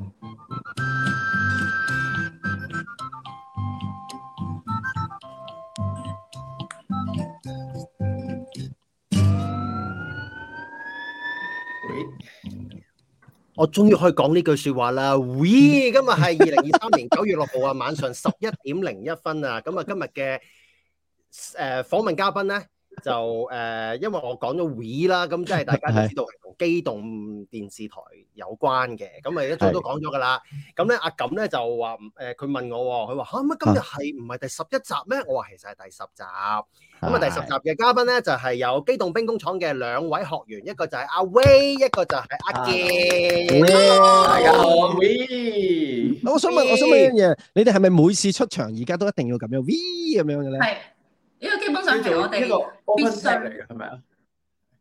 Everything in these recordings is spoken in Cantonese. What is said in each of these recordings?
喂，我終於可以講呢句說話啦。We 今日係二零二三年九月六號啊，晚上十一點零一分啊。咁啊，今日嘅誒訪問嘉賓咧，就誒，因為我講咗 We 啦，咁即係大家都知道。機動電視台有關嘅，咁啊，一早都講咗噶啦。咁咧，阿錦咧就話，誒，佢問我，佢話吓乜今日係唔係第十一集咩？我話其實係第十集。咁啊，第十集嘅嘉賓咧就係有機動兵工廠嘅兩位學員，一個就係阿威，一個就係阿杰。大家好，我係威。我想問，我想問一樣嘢，你哋係咪每次出場而家都一定要咁樣 V 咁樣嘅咧？係，因為基本上係我哋必須嚟嘅，係咪啊？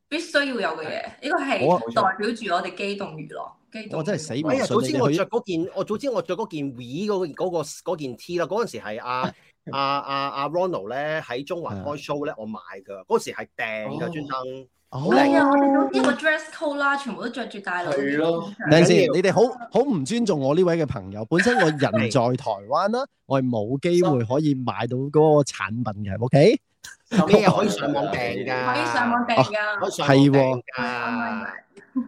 必須要有嘅嘢，呢個係代表住我哋機動娛樂。我真係死唔水。早知我着嗰件，我早知我着嗰件 V，e 嗰、那個、件 T 啦、啊，嗰陣時係阿阿阿 Ronald 咧喺中環開 show 咧，我買㗎。嗰的時係訂㗎，專登、哦。係啊美，哎、我哋早知 dress code 啦，全部都着住大褸。係咯的。你哋好好唔尊重我呢位嘅朋友。本身我人在台灣啦， 的我係冇機會可以買到嗰個產品嘅。OK。有啲嘢可以上網訂噶，可以上網訂噶，係喎。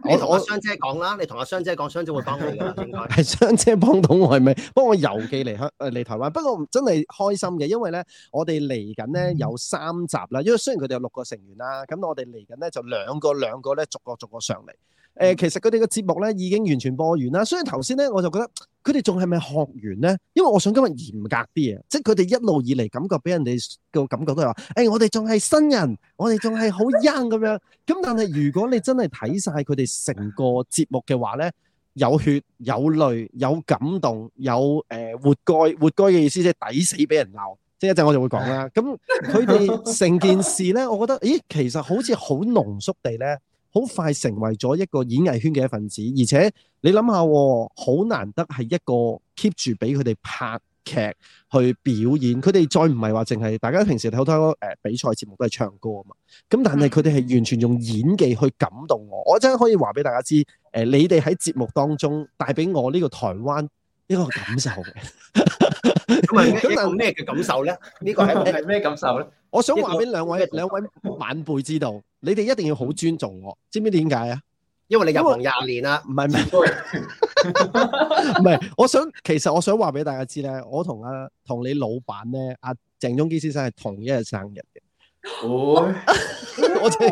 我同阿雙姐講啦，你同阿雙姐講，雙姐會幫你。係雙姐幫到我係咪？幫我郵寄嚟香、誒、嚟台灣。不過真係開心嘅，因為咧我哋嚟緊咧有三集啦。因為雖然佢哋有六個成員啦，咁我哋嚟緊咧就兩個兩個咧逐個逐個上嚟。誒、呃，其實佢哋嘅節目咧已經完全播完啦。雖然頭先咧，我就覺得佢哋仲係咪學完咧？因為我想今日嚴格啲啊，即係佢哋一路以嚟感覺俾人哋嘅感覺都係話，誒、欸，我哋仲係新人，我哋仲係好 young 咁樣。咁但係如果你真係睇晒佢哋成個節目嘅話咧，有血有淚有感動有誒、呃、活該活該嘅意思，即係抵死俾人鬧。即係一陣我就會講啦。咁佢哋成件事咧，我覺得，咦，其實好似好濃縮地咧。好快成為咗一個演藝圈嘅一份子，而且你諗下，好難得係一個 keep 住俾佢哋拍劇去表演。佢哋再唔係話淨係大家平時睇好多誒比賽節目都係唱歌啊嘛，咁但係佢哋係完全用演技去感動我。我真係可以話俾大家知，誒、呃、你哋喺節目當中帶俾我呢個台灣一個感受嘅。 咁係，咁係咩嘅感受咧？呢個係咩？係咩感受咧？我想話俾兩位、兩 位晚輩知道，你哋一定要好尊重我，知唔知點解啊？因為你入行廿年啦，唔係唔係？唔係， 我想其實我想話俾大家知咧，我同阿同你老闆咧，阿鄭中基先生係同一日生日嘅。哦、哎，我哋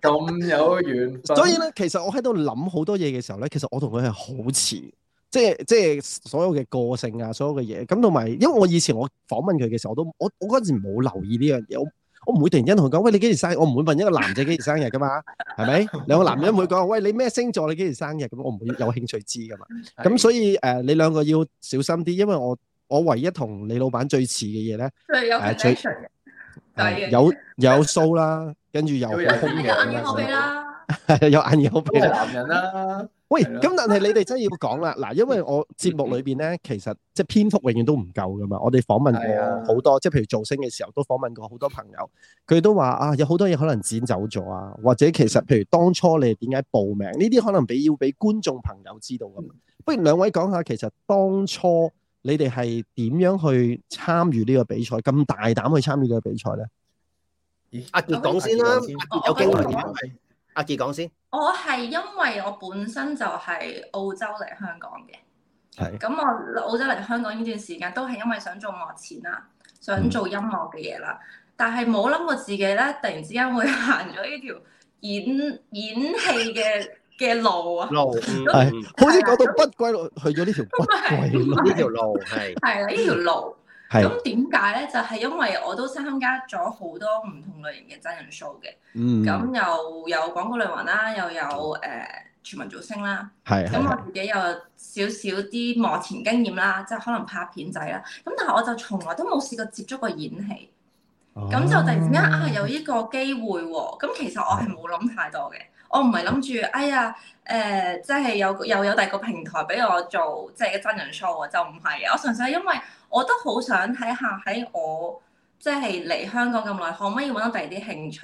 咁有緣分。所以咧，其實我喺度諗好多嘢嘅時候咧，其實我同佢係好似。即係即係所有嘅個性啊，所有嘅嘢咁，同埋因為我以前我訪問佢嘅時候，我都我我嗰陣時冇留意呢樣嘢，我我唔會突然間同佢講，喂，你幾時生日？我唔會問一個男仔幾時生日噶嘛，係咪兩個男人會講，喂，你咩星座？你幾時生日？咁我唔會有興趣知噶嘛。咁所以誒，你兩個要小心啲，因為我我唯一同你老闆最似嘅嘢咧，最有 interaction 嘅，有有 show 啦，跟住又空。我睇你個眼鏡好美啦。 有眼有鼻嘅男人啦，啊， 喂，咁的但係你哋真係要講啦，嗱，因為我節目裏邊咧，其實即係篇幅永遠都唔夠噶嘛，我哋訪問過好多，即係譬如做星嘅時候都訪問過好多朋友，佢都話啊，有好多嘢，可能剪走咗啊，或者其實譬如當初你哋點解報名，呢啲可能俾要俾觀眾朋友知道噶嘛，嗯、不如兩位講下，其實當初你哋係點樣去參與呢個比賽，咁大膽去參與呢個比賽咧？阿傑講先啦，阿傑有經驗。阿杰講先，我係因為我本身就係澳洲嚟香港嘅。係咁我澳洲嚟香港呢段時間都係因為想做幕前啦，想做音樂嘅嘢啦，但係冇諗過自己咧，突然之間會行咗呢條演演戲嘅嘅路啊，路係，好似講到不歸路，嗯嗯、 不歸路去咗呢條呢條路係， 係啦呢條路。 咁點解咧？就係、是、因為我都參加咗好多唔同類型嘅真人 show 嘅，咁又、嗯、有，有廣告類型啦，又有誒、呃、全民造星啦。係是。咁我自己有少少啲幕前經驗啦，即係可能拍片仔啦。咁但係我就從來都冇試過接觸過演戲，咁、啊、就突然間啊有呢個機會喎、喔。咁其實我係冇諗太多嘅。我唔係諗住，哎呀，誒、呃，即係有又有，有第二個平台俾我做，即係真人 show 啊，就唔係啊。我純粹因為我都好想睇下喺我，即係嚟香港咁耐，可唔可以揾到第二啲興趣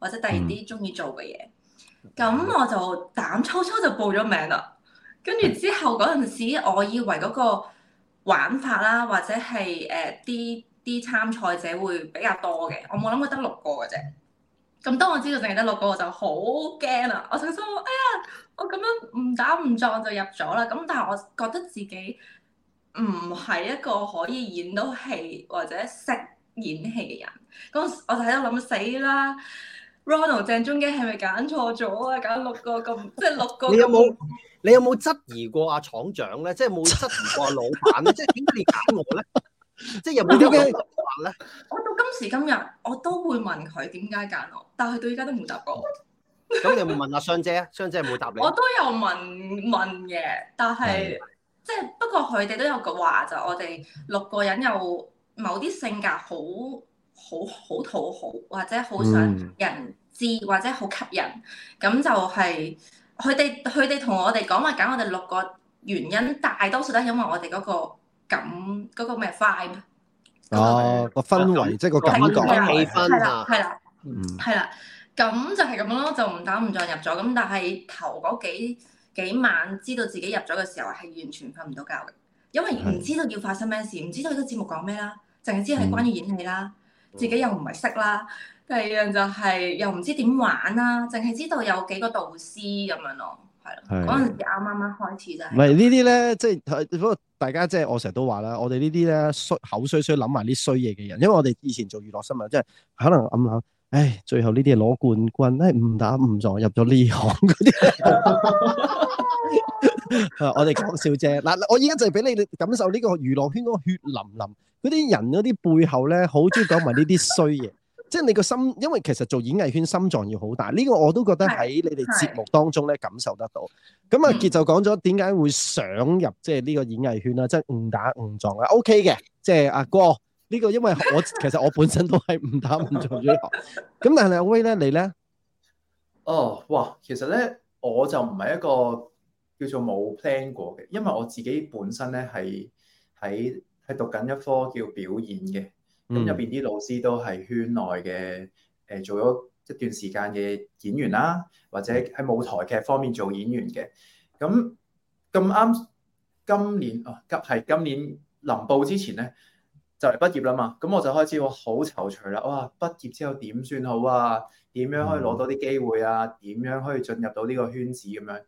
或者第二啲中意做嘅嘢？咁、嗯、我就膽粗粗就報咗名啦。跟住之後嗰陣時，我以為嗰個玩法啦，或者係誒啲啲參賽者會比較多嘅，我冇諗過得六個嘅啫。咁當我知道淨係得六個，我就好驚啦！我心諗：哎呀，我咁樣誤打誤撞就入咗啦！咁但係我覺得自己唔係一個可以演到戲或者識演戲嘅人。咁我就喺度諗死啦！Ronald 鄭中基係咪揀錯咗啊？揀六個咁，即係六個。你有冇你有冇質疑過阿廠長咧？即係冇質疑過阿老闆？ 即係點解你揀我咧？ 即係有冇啲講法咧？ 今時今日，我都會問佢點解揀我，但佢到依家都冇答過。咁你有冇問阿雙姐啊？雙姐冇答你。我都有問問嘅，但係即係不過佢哋都有個話就，我哋六個人有某啲性格好好好討好，或者好想人知，嗯、或者好吸引。咁就係佢哋佢哋同我哋講話揀我哋六個原因，大多數都係因為我哋嗰、嗰個感嗰、嗰個咩 vibe。嗰個哦，個氛圍即係個感覺氣氛啦，係啦，係啦，咁就係咁咯，就唔打唔再入咗，咁但係頭嗰幾幾晚知道自己入咗嘅時候係完全瞓唔到覺嘅，因為唔知道要發生咩事，唔知道個節目講咩啦，淨係知係關於演戲啦，自己又唔係識啦，第二樣就係又唔知點玩啦，淨係知道有幾個導師咁樣咯，係咯，嗰陣時啱啱啱開始就係。唔係呢啲咧，即係大家即係，我成日都話啦，我哋呢啲咧衰口衰衰諗埋啲衰嘢嘅人，因為我哋以前做娛樂新聞，即係可能諗諗，唉，最後呢啲係攞冠軍，係誤打誤撞入咗呢行嗰啲。我哋講笑啫，嗱、啊，我而家就俾你哋感受呢個娛樂圈嗰個血淋淋，嗰啲人嗰啲背後咧，好中意講埋呢啲衰嘢。即係你個心，因為其實做演藝圈心臟要好大，呢、這個我都覺得喺你哋節目當中咧感受得到。咁阿是、嗯啊、杰就講咗點解會想入即係呢個演藝圈啊，即、就、係、是、誤打誤撞、okay 就是、啊。O K 嘅，即係阿哥呢個，因為我 其實我本身都係誤打誤撞咁，咁但係阿威咧，你咧？哦，哇！其實咧，我就唔係一個叫做冇 plan 過嘅，因為我自己本身咧係喺係讀緊一科叫表演嘅。咁入邊啲老師都係圈內嘅，誒、呃、做咗一段時間嘅演員啦、啊，或者喺舞台劇方面做演員嘅。咁咁啱今年啊，即係今年臨報之前咧，就嚟畢業啦嘛。咁我就開始我好躊躇啦，哇！畢業之後點算好啊？點樣可以攞到啲機會啊？點樣可以進入到呢個圈子咁樣？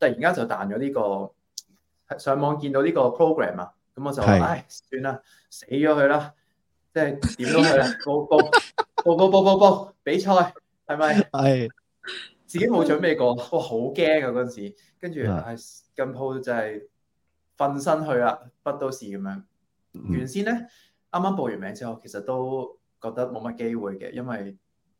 突然間就彈咗呢、呢個上網見到呢個 program 啊，咁我就唉是、哎、算啦，死咗佢啦～即係點都去啦，報報報報報報比賽係咪？係 吧 自己冇準備過，我好驚啊嗰陣時，跟住係咁鋪就係瞓身去啦，不都事咁樣。原先咧，啱啱報完名之後，其實都覺得冇乜機會嘅，因為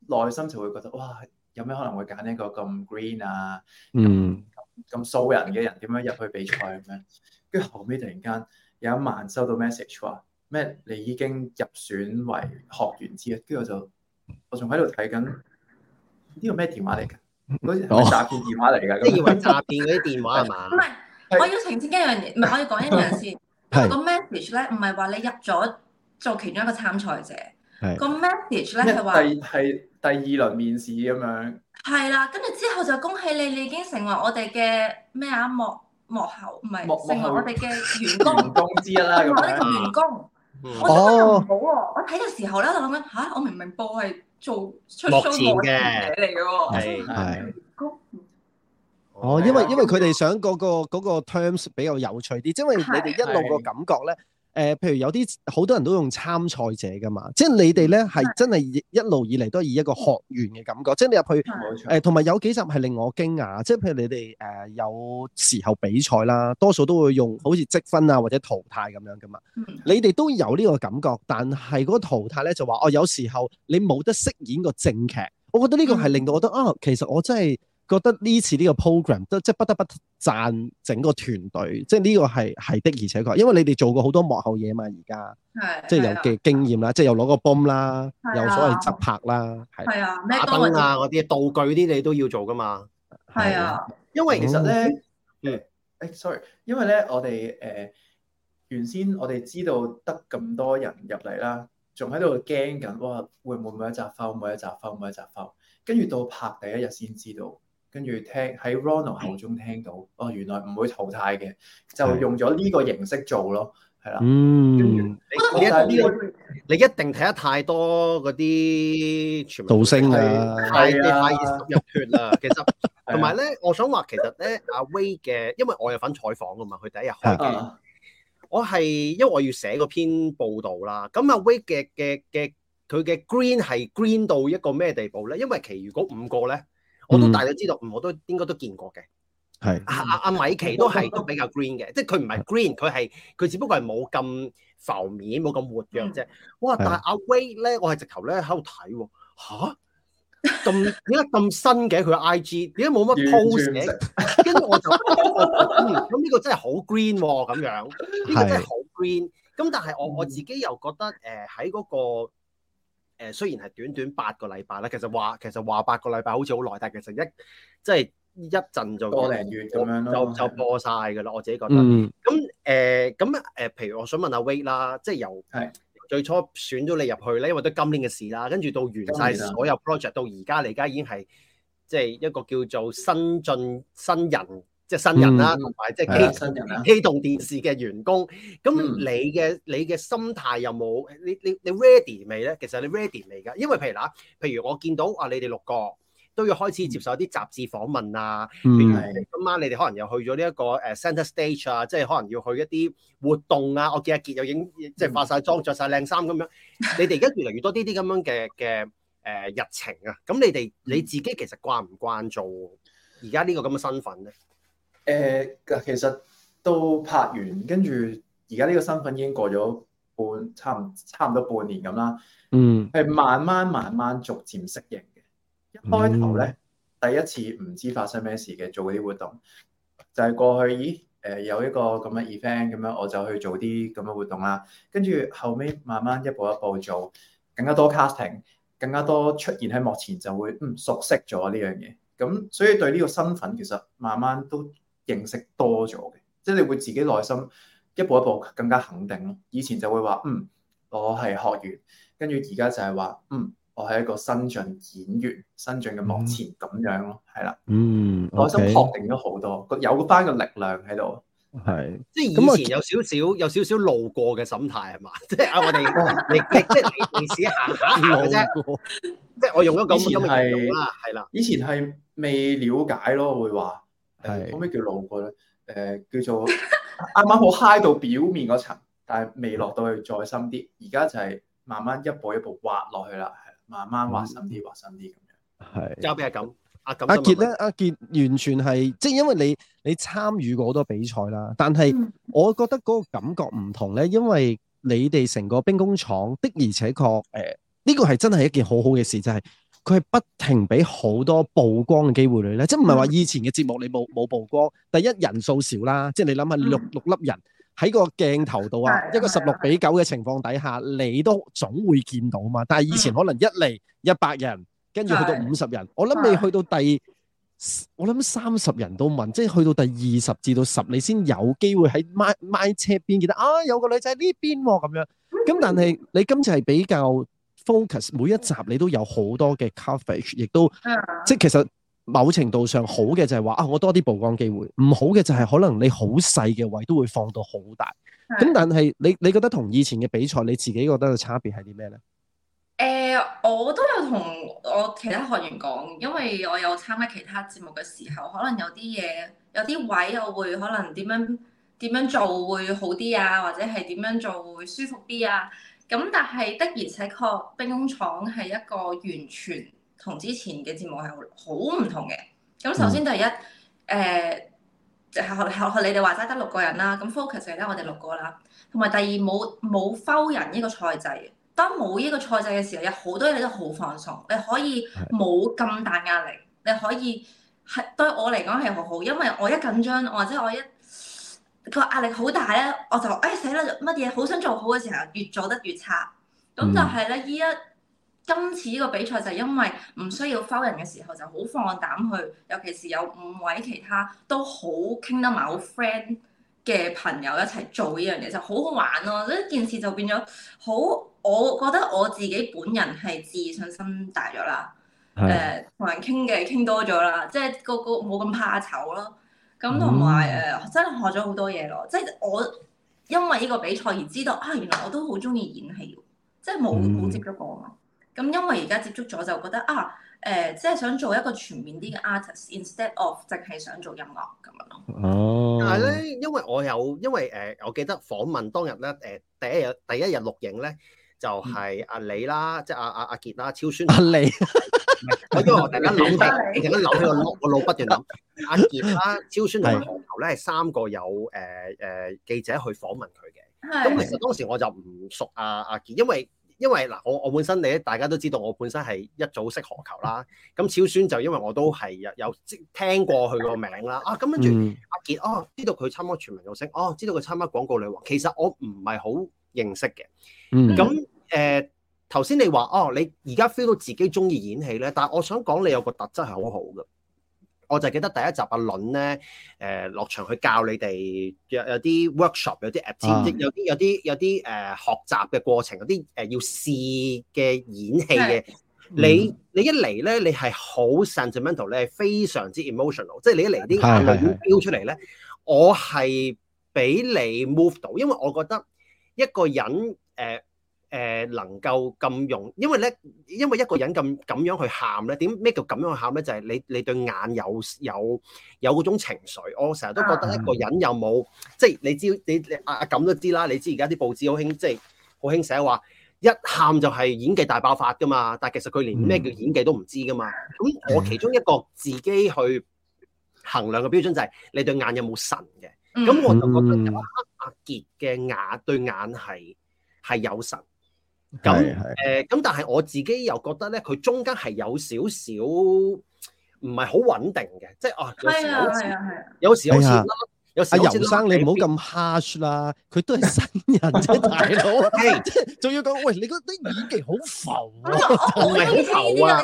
內心就會覺得哇，有咩可能會揀一個咁 green 啊，咁咁素人嘅人點樣入去比賽咁樣？跟住後尾突然間有一晚收到 message 話。咩？你已經入選為學員之一，跟住我就我仲喺度睇緊呢個咩電話嚟㗎？嗰啲詐騙電話嚟㗎，即係以為詐騙嗰啲電話係嘛？唔係，我要澄清一樣嘢，唔係我要講一樣先。個 message 咧唔係話你入咗做其中一個參賽者，個 message 咧係話係第二輪面試咁樣。係啦，跟住之後就恭喜你，你已經成為我哋嘅咩啊幕幕後唔係成為我哋嘅員工工之一啦。咁我呢個員工。我真係入唔到喎！我睇嘅時候咧就諗緊吓，我明明播係做出書嘅作者嚟嘅喎？係係。哦，因為因為佢哋想嗰個嗰個 terms 比較有趣啲，因為你哋一路個感覺咧。誒、呃，譬如有啲好多人都用參賽者噶嘛，即係你哋咧係真係一路以嚟都以一個學員嘅感覺，即係你入去誒，同、呃、埋有，有幾集係令我驚訝，即係譬如你哋誒、呃、有時候比賽啦，多數都會用好似積分啊或者淘汰咁樣噶嘛，你哋都有呢個感覺，但係嗰個淘汰咧就話哦，有時候你冇得飾演個正劇，我覺得呢個係令到我覺得啊、哦，其實我真係。覺得呢次呢個 program 都即係不得不讚整個團隊，即係呢個係係的，而且確，因為你哋做過好多幕後嘢嘛，而家，係是，即係有嘅經驗啦，啊、即係又攞個 boom 啦，啊、有所謂集拍啦，係，係啊，燈啊嗰啲道具啲你都要做噶嘛，係啊，因為其實咧，嗯，誒、欸、，sorry，因為咧我哋誒、呃、原先我哋知道得咁多人入嚟啦，仲喺度驚緊，哇，會唔會每一集翻，每一集翻，每一集翻，跟住到拍第一日先知道。跟住聽喺 Ronald 口中聽到，哦，原來唔會淘汰嘅，就用咗呢個形式做咯，係啦。嗯你、啊你，你一定睇得太多嗰啲，全部導星係太太熱血啦。的其實同埋咧，呢的我想話其實咧，阿 Wade 嘅，因為我有份採訪㗎嘛，佢第一日開機、啊、我係因為我要寫個篇報導啦。咁阿 Wade 嘅嘅嘅，佢嘅 Green 係 Green 到一個咩地步咧？因為其餘嗰五個咧。我都大概知道，我都應該都見過嘅。係阿阿米奇都係都比較 green 嘅，即係佢唔係 green，佢係佢只不過係冇咁浮面，冇咁活躍啫。哇！但係阿 Wade 咧，我係直頭咧喺度睇喎，嚇咁點解咁新嘅佢 IG 點解冇乜 post 嘅全？跟 住我就咁呢、嗯這個真係好 green 喎、啊，咁樣呢、這個真係好 green。咁是但係我我自己又覺得誒喺嗰個。誒雖然係短短八個禮拜啦，其實話其實話八個禮拜好似好耐，但係其實一即係、就是、一陣就多零月咁樣就，就就播曬嘅啦。我自己覺得。咁誒咁誒，譬如我想問,問下 Wade 啦，即係由最初選咗你入去咧，因為都今年嘅事啦，跟住到完晒所有 project 年、啊、到而家嚟，而家已經係即係一個叫做新進新人。即係新人啦，同埋即係機動電視嘅員工。咁、嗯、你嘅你嘅心態有冇？你你你 ready 未咧？其實你 ready 未噶。因為譬如嗱，譬如我見到啊，你哋六個都要開始接受一啲雜誌訪問啊。嗯、譬如今晚你哋可能又去咗呢一個誒 center stage 啊，即係可能要去一啲活動啊。我見阿杰又影即係化晒妝、着晒靚衫咁樣。你哋而家越嚟越多呢啲咁樣嘅嘅誒日程啊。咁你哋你自己其實慣唔慣做而家呢個咁嘅身份咧？誒、呃，其實到拍完，跟住而家呢個身份已經過咗半，差唔差唔多半年咁啦。嗯，係慢慢慢慢逐漸適應嘅。一開頭咧，嗯、第一次唔知發生咩事嘅，做啲活動就係、是、過去，咦誒，有一個咁嘅 event 咁樣，我就去做啲咁嘅活動啦。跟住後尾慢慢一步一步做，更加多 casting，更加多出現喺幕前就會、嗯、熟悉咗呢樣嘢。咁所以對呢個身份其實慢慢都～認識多咗嘅，即係你會自己內心一步一步更加肯定咯。以前就會話：嗯，我係學員，跟住而家就係話：嗯，我係一個新晉演員、新晉嘅幕前咁樣咯，係啦。嗯，內心確定咗好多，有返個力量喺度。係，即係以前有少少有少少路過嘅心態係嘛？即係啊，我哋即係你嚟試行下啫。即係我用咗咁多嘅啦，以前係未了解咯，會話。係，可唔可以是叫路過咧，誒、呃、叫做啱啱好嗨到表面嗰層，但係未落到去再深啲。而家就係慢慢一步一步挖落去啦，慢慢挖深啲，挖深啲咁樣。係，是交俾阿錦，阿錦阿杰咧，阿杰完全係即係因為你你參與過好多比賽啦，但係我覺得嗰個感覺唔同咧，因為你哋成個兵工廠的而且確誒、呢、呃呢個係真係一件好好嘅事，就係、是。佢係不停俾好多曝光嘅機會你咧，即係唔係話以前嘅節目你冇冇曝光？第一、嗯、人數少啦，即係你諗下六六粒人喺個鏡頭度啊，嗯、一個十六比九嘅情況底下，嗯、你都總會見到嘛。但係以前可能一嚟一百人，跟住、嗯、去到五十人，嗯、我諗你去到第我諗三十人都問，嗯、即係去到第二十至到十，你先有機會喺歪歪斜邊見到啊有個女仔喺呢邊喎、啊、咁樣。咁、嗯、但係你今次係比較。focus 每一集你都有好多嘅 coverage，亦都、啊、即係其實某程度上好嘅就係話啊，我多啲曝光機會；唔好嘅就係可能你好細嘅位都會放到好大。咁、啊、但係你你覺得同以前嘅比賽你自己覺得嘅差別係啲咩呢？誒、啊，我都有同我其他學員講，因為我有參加其他節目嘅時候，可能有啲嘢有啲位我會可能點樣點樣做會好啲啊，或者係點樣做會舒服啲啊。咁但係的而且確，兵工廠係一個完全同之前嘅節目係好唔同嘅。咁首先第一，誒就係學你哋話齋得六個人啦。咁 focus 嚟咧，我哋六個啦。同埋第二，冇冇淘汰人呢個賽制。當冇呢個賽制嘅時候，有好多嘢都好放鬆。你可以冇咁大壓力，你可以係對我嚟講係好好，因為我一緊張，或者我一個壓力好大咧，我就誒死啦！乜嘢好想做好嘅時候，越做得越差。咁就係咧，依家今次呢個比賽就因為唔需要 follow 人嘅時候，就好放膽去。尤其是有五位其他都好傾得埋好 friend 嘅朋友一齊做呢樣嘢，就好好玩咯、啊。呢件事就變咗好，我覺得我自己本人係自信心大咗啦。誒的，同、呃、人傾嘅傾多咗啦，即係個個冇咁怕醜咯。咁同埋誒真係學咗好多嘢咯！即係我因為呢個比賽而知道啊，原來我都好中意演戲，即係冇冇接觸過咯。咁、嗯、因為而家接觸咗，就覺得啊誒、呃，即係想做一個全面啲嘅 artist，instead of 淨係想做音樂咁樣咯。哦，但係咧，因為我有因為誒，我記得訪問當日咧誒，第一日第一日錄影咧，就係阿李啦，嗯、即係阿阿阿傑啦，超酸阿李。 因為我突然間諗，突然間諗起個腦，個腦不斷諗 阿杰啦，超孫同何求咧，係三個有誒誒、呃、記者去訪問佢嘅。咁其實當時我就唔熟阿阿杰，因為因為嗱，我我本身你大家都知道，我本身係一早識何求啦。咁超孫就因為我都係有即聽過佢個名啦。啊咁跟住阿杰，哦知道佢參加全民造星，哦知道佢參加廣告女王。其實我唔係好認識嘅。咁誒、嗯。嗯嗯頭先你話哦，你而家 feel 到自己中意演戲咧，但係我想講你有個特質係好好嘅，我就記得第一集阿倫咧，誒、呃、落場去教你哋有有啲 workshop，有啲 app，team,、啊、有啲有啲有啲誒、呃、學習嘅過程，有啲誒、呃、要試嘅演戲嘅、嗯，你一呢你, al, 你, otional, 你一嚟咧，呢嗯、你係好 sentimental，你係非常之 emotional，即係你一嚟啲眼淚飆出嚟咧，我係俾你 move 到，因為我覺得一個人誒。呃誒、呃、能夠咁用，因為咧，因為一個人咁咁樣、樣去喊咧，點咩叫咁樣去喊咧？就係、係、你你對眼有有有嗰種情緒。我成日都覺得一個人有冇，即係你知你你阿阿噉都知啦。你知而家啲報紙好興，即係好興寫話一喊就係演技大爆發㗎嘛。但係其實佢連咩叫演技都唔知㗎嘛。咁我其中一個自己去衡量嘅標準就係、係、你對眼有冇神嘅。咁我就覺得阿杰嘅眼對眼係係有神。咁誒，咁但係我自己又覺得咧，佢中間係有少少唔係好穩定嘅，即係啊，有時有時有時有阿尤生，你唔好咁 harsh 啦，佢都係新人啫，大佬，即係仲要講，喂，你覺得啲演技好浮啊，唔係好浮啊，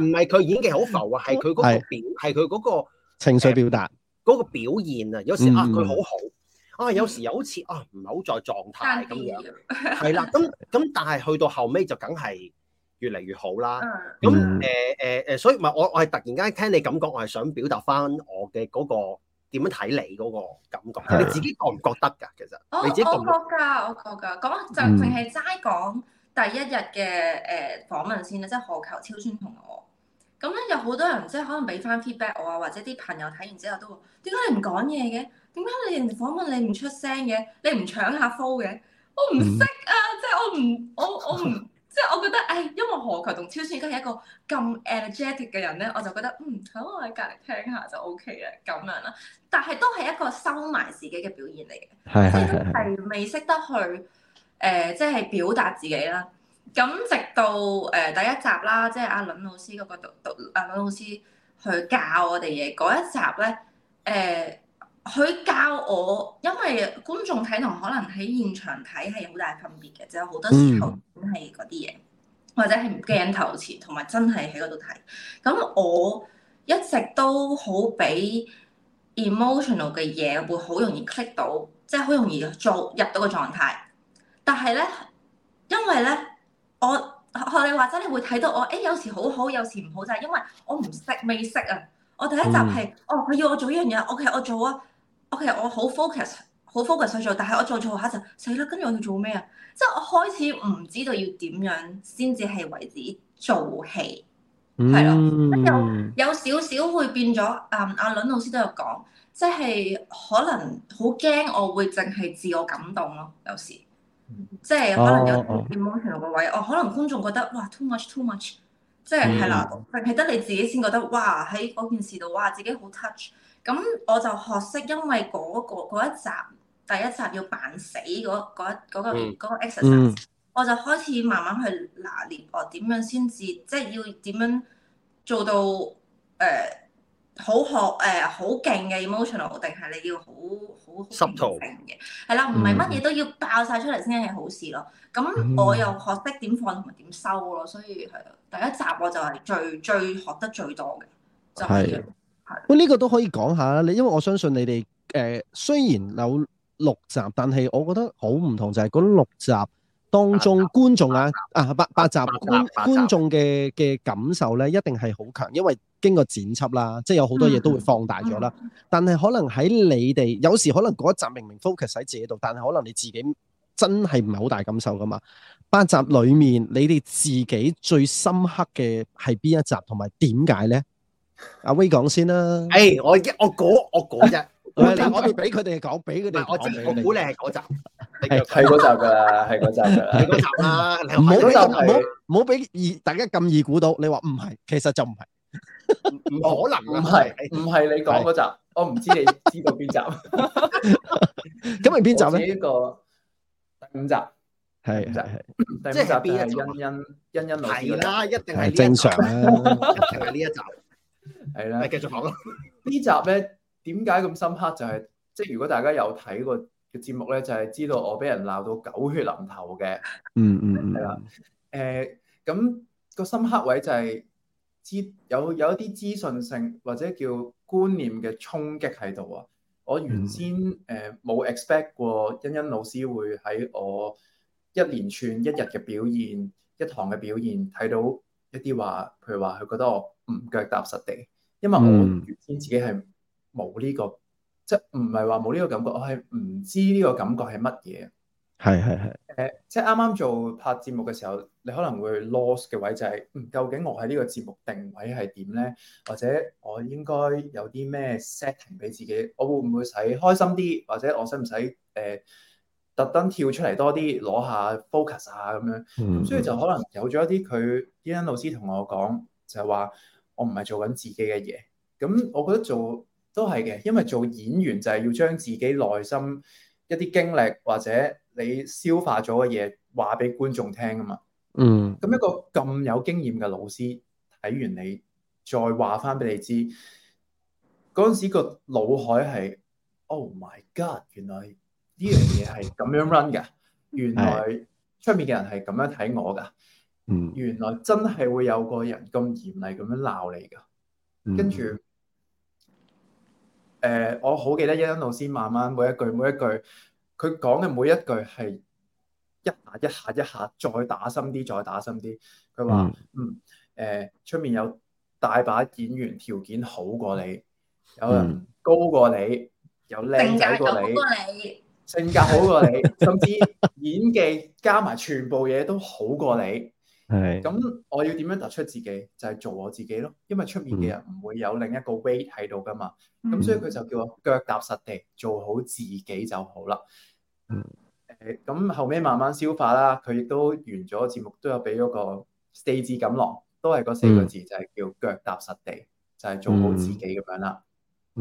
唔係佢演技好浮啊，係佢嗰個表，係佢嗰個情緒表達嗰個表現啊，有時啊，佢好好。啊，有時又好似啊，唔係好在狀態咁樣，係啦， 咁咁但係去到後尾就梗係越嚟越好啦。咁誒誒誒，所以唔係我我係突然間聽你感覺，我係想表達翻我嘅嗰個點樣睇你嗰個感覺。 你自己覺唔覺得㗎？其實我、oh, 我覺㗎，我覺㗎。講就淨係齋講第一日嘅誒訪問先啦， 即係何求超村同我。咁咧，有好多人即係可能俾翻 feedback 我啊，或者啲朋友睇完之後都話：點解你唔講嘢嘅？點解你人哋訪問你唔出聲嘅？你唔搶下 f 嘅？我唔識啊！嗯、即係我唔，我我唔，即係我覺得，誒、哎，因為何鰭同超超都係一個咁 energetic 嘅人咧，我就覺得，嗯，響我喺隔離聽下就 OK 啦，咁樣啦。但係都係一個收埋自己嘅表現嚟嘅，即係都係未識得去誒，即、呃、係、就是、表達自己啦。咁直到誒第一集啦，即係阿倫老師嗰、那個讀阿倫老師去教我哋嘢嗰一集咧，誒、呃。佢教我，因為觀眾睇同可能喺現場睇係好大分別嘅，就係好多時候係嗰啲嘢，或者係鏡頭前，同埋真係喺嗰度睇。咁我一直都好俾 emotional 嘅嘢，會好容易 click 到，即係好容易做入到個狀態。但係咧，因為咧，我學你話齋你會睇到我，誒有時好好，有時唔好就係因為我唔識，未識啊！我第一集係，嗯、哦，佢要我做一樣嘢，OK，我做啊！Okay, 我其實我好 focus，好 focus 去做，但係我做做下就死啦！跟住我要做咩啊？即係我開始唔知道要點樣先至係為止做戲，係咯，mm hmm. 有有少少會變咗。嗯，阿倫老師都有講，即係可能好驚我會淨係自我感動咯，有時即係可能有 emotion 到個位，哦，oh, okay. 可能觀眾覺得哇，too much，too much，too much 即係係啦，唔係、mm hmm. 得你自己先覺得哇，喺嗰件事度哇，自己好 touch。咁我就學識，因為嗰、嗰個嗰一集第一集要扮死嗰嗰嗰個嗰、嗯、個 exercise，嗯、我就開始慢慢去拿捏我點樣先至即係要點樣做到誒、呃、好學誒好勁嘅 emotional 咯，定、呃、係你要好好好定嘅係啦，唔係乜嘢都要爆晒出嚟先係好事咯。咁、嗯、我又學識點放同埋點收咯，所以係第一集我就係最最，最學得最多嘅，就係、係。喂，呢個都可以講下啦。你因為我相信你哋，誒、呃，雖然有六集，但係我覺得好唔同就係、是、嗰六集當中觀眾啊，八八啊八八集觀，八集八集觀眾嘅嘅感受咧，一定係好強，因為經過剪輯啦，即係有好多嘢都會放大咗啦。嗯、但係可能喺你哋有時可能嗰一集明明 focus 喺自己度，但係可能你自己真係唔係好大感受㗎嘛。八集裏面你哋自己最深刻嘅係邊一集，同埋點解咧？阿威講先啦，誒，我已我估我估啫，我我哋俾佢哋講，俾佢哋，我知我估你係嗰集，係係嗰集噶啦，係嗰集噶啦，係嗰集啦，唔好俾咁唔好俾易，大家咁易估到，你話唔係，其實就唔係，唔可能唔係，唔係你講嗰集，我唔知你知道邊集，咁係邊集咧？呢個第五集，係就係第五集係，即係邊一集？欣欣欣欣老師係啦，一定係正常啦，一定係呢一集。係啦，繼續講咯。呢集咧點解咁深刻？就係即係如果大家有睇過嘅節目咧，就係知道我俾人鬧到狗血淋頭嘅。嗯嗯係啦。誒、hmm.，咁個深刻位就係知有有一啲資訊性或者叫觀念嘅衝擊喺度啊。我原先誒冇 expect 過欣欣老師會喺我一連串一日嘅表現、一堂嘅表現，睇到一啲話，譬如話佢覺得我。唔腳踏實地，因為我原先自己係冇呢個，嗯、即係唔係話冇呢個感覺，我係唔知呢個感覺係乜嘢。係係係。誒、呃，即係啱啱做拍節目嘅時候，你可能會 lost 嘅位就係、係呃，究竟我喺呢個節目定位係點咧？或者我應該有啲咩 setting 俾自己？我會唔會使開心啲？或者我使唔使誒特登跳出嚟多啲攞下 focus 下咁樣？咁、嗯嗯、所以就可能有咗一啲佢啲恩老師同我講，就係、係、話。我唔係做緊自己嘅嘢，咁我覺得做都係嘅，因為做演員就係要將自己內心一啲經歷或者你消化咗嘅嘢，話俾觀眾聽啊嘛。嗯。咁一個咁有經驗嘅老師睇完你，再話翻俾你知，嗰陣時個腦海係，Oh my God！原來呢樣嘢係咁樣 run 噶，原來出面嘅人係咁樣睇我噶。的嗯，原來真係會有個人咁嚴厲咁樣鬧你噶，跟住，誒、嗯呃，我好記得一老師慢慢每一句每一句，佢講嘅每一句係一下一下一下再打深啲，再打深啲。佢話嗯誒，出、嗯呃、面有大把演員條件好過你，有人高過你，有靚仔過你，性格好過你，性格好過你，甚至演技加埋全部嘢都好過你。係，咁我要點樣突出自己？就係、是、做我自己咯，因為出面嘅人唔會有另一個 weight 喺度噶嘛，咁、嗯、所以佢就叫我腳踏實地做好自己就好啦。誒、嗯、咁、欸、後尾慢慢消化啦，佢亦都完咗節目都有俾咗個四字錦囊，都係嗰四個字、嗯、就係叫腳踏實地，就係、是、做好自己咁樣啦。嗯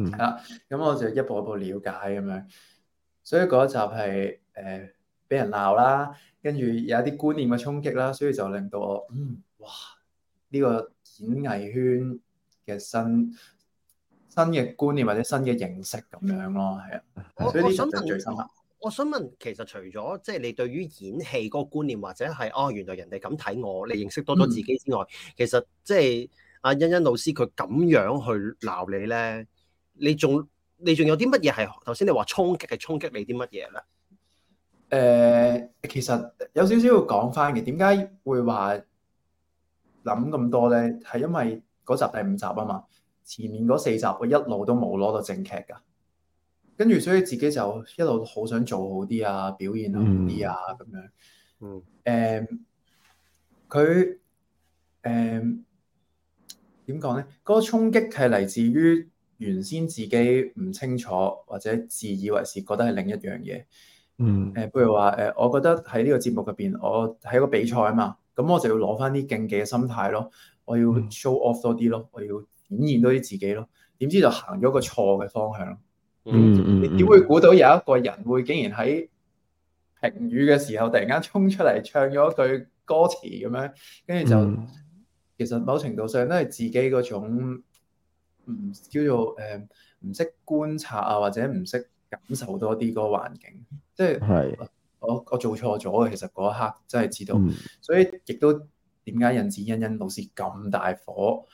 嗯、啊、咁我就一步一步了解咁樣，所以嗰集係誒俾人鬧啦。跟住有一啲觀念嘅衝擊啦，所以就令到我，嗯，哇！呢個演藝圈嘅新新嘅觀念或者新嘅認識咁樣咯，係啊。所以我我想問，我想問，其實除咗即係你對於演戲嗰個觀念或者係哦，原來人哋咁睇我，你認識多咗自己之外，嗯、其實即係阿欣欣老師佢咁樣去鬧你咧，你仲你仲有啲乜嘢係頭先你話衝擊係衝擊你啲乜嘢咧？誒、呃，其實有少少要講翻嘅，點解會話諗咁多咧？係因為嗰集第五集啊嘛，前面嗰四集我一路都冇攞到正劇噶，跟住所以自己就一路好想做好啲啊，表現好啲啊，咁、嗯、樣。嗯、呃，誒，佢、呃、誒，點講咧？嗰、嗰個衝擊係嚟自於原先自己唔清楚或者自以為是，覺得係另一樣嘢。嗯，誒、呃，譬如話，誒、呃，我覺得喺呢個節目入邊，我喺個比賽啊嘛，咁我就要攞翻啲競技嘅心態咯，我要 show off 多啲咯，我要展現多啲自己咯，點知就行咗個錯嘅方向嗯。嗯你嗯，點會估到有一個人會竟然喺評語嘅時候，突然間衝出嚟唱咗句歌詞咁樣，跟住就，嗯、其實某程度上都係自己嗰種唔叫做誒，唔、呃、唔識觀察啊，或者唔識。感受多啲嗰個環境，即係我我做錯咗嘅。其實嗰一刻真係知道，的所以亦都點解尹子欣欣老師咁大火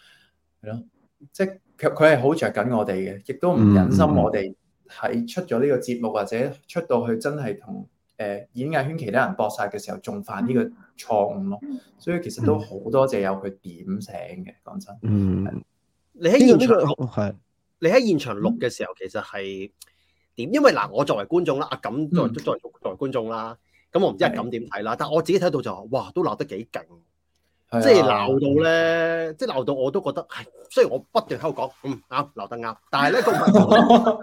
係咯？即係佢佢係好着緊我哋嘅，亦都唔忍心我哋喺出咗呢個節目的或者出到去真係同誒演藝圈其他人搏殺嘅時候，仲犯呢個錯誤咯。的所以其實都好多謝有佢點醒嘅。講真，嗯，你喺現場係、這個、的你喺現場錄嘅時候，其實係、嗯。因為嗱，我作為觀眾啦，阿錦作作作，作為觀眾啦，咁我唔知阿錦點睇啦，但係我自己睇到就話，哇，都鬧得幾勁，啊、即係鬧到咧，嗯、即係鬧到我都覺得，雖然我不斷喺度講，嗯啱鬧、啊、得啱，但係咧都唔啱，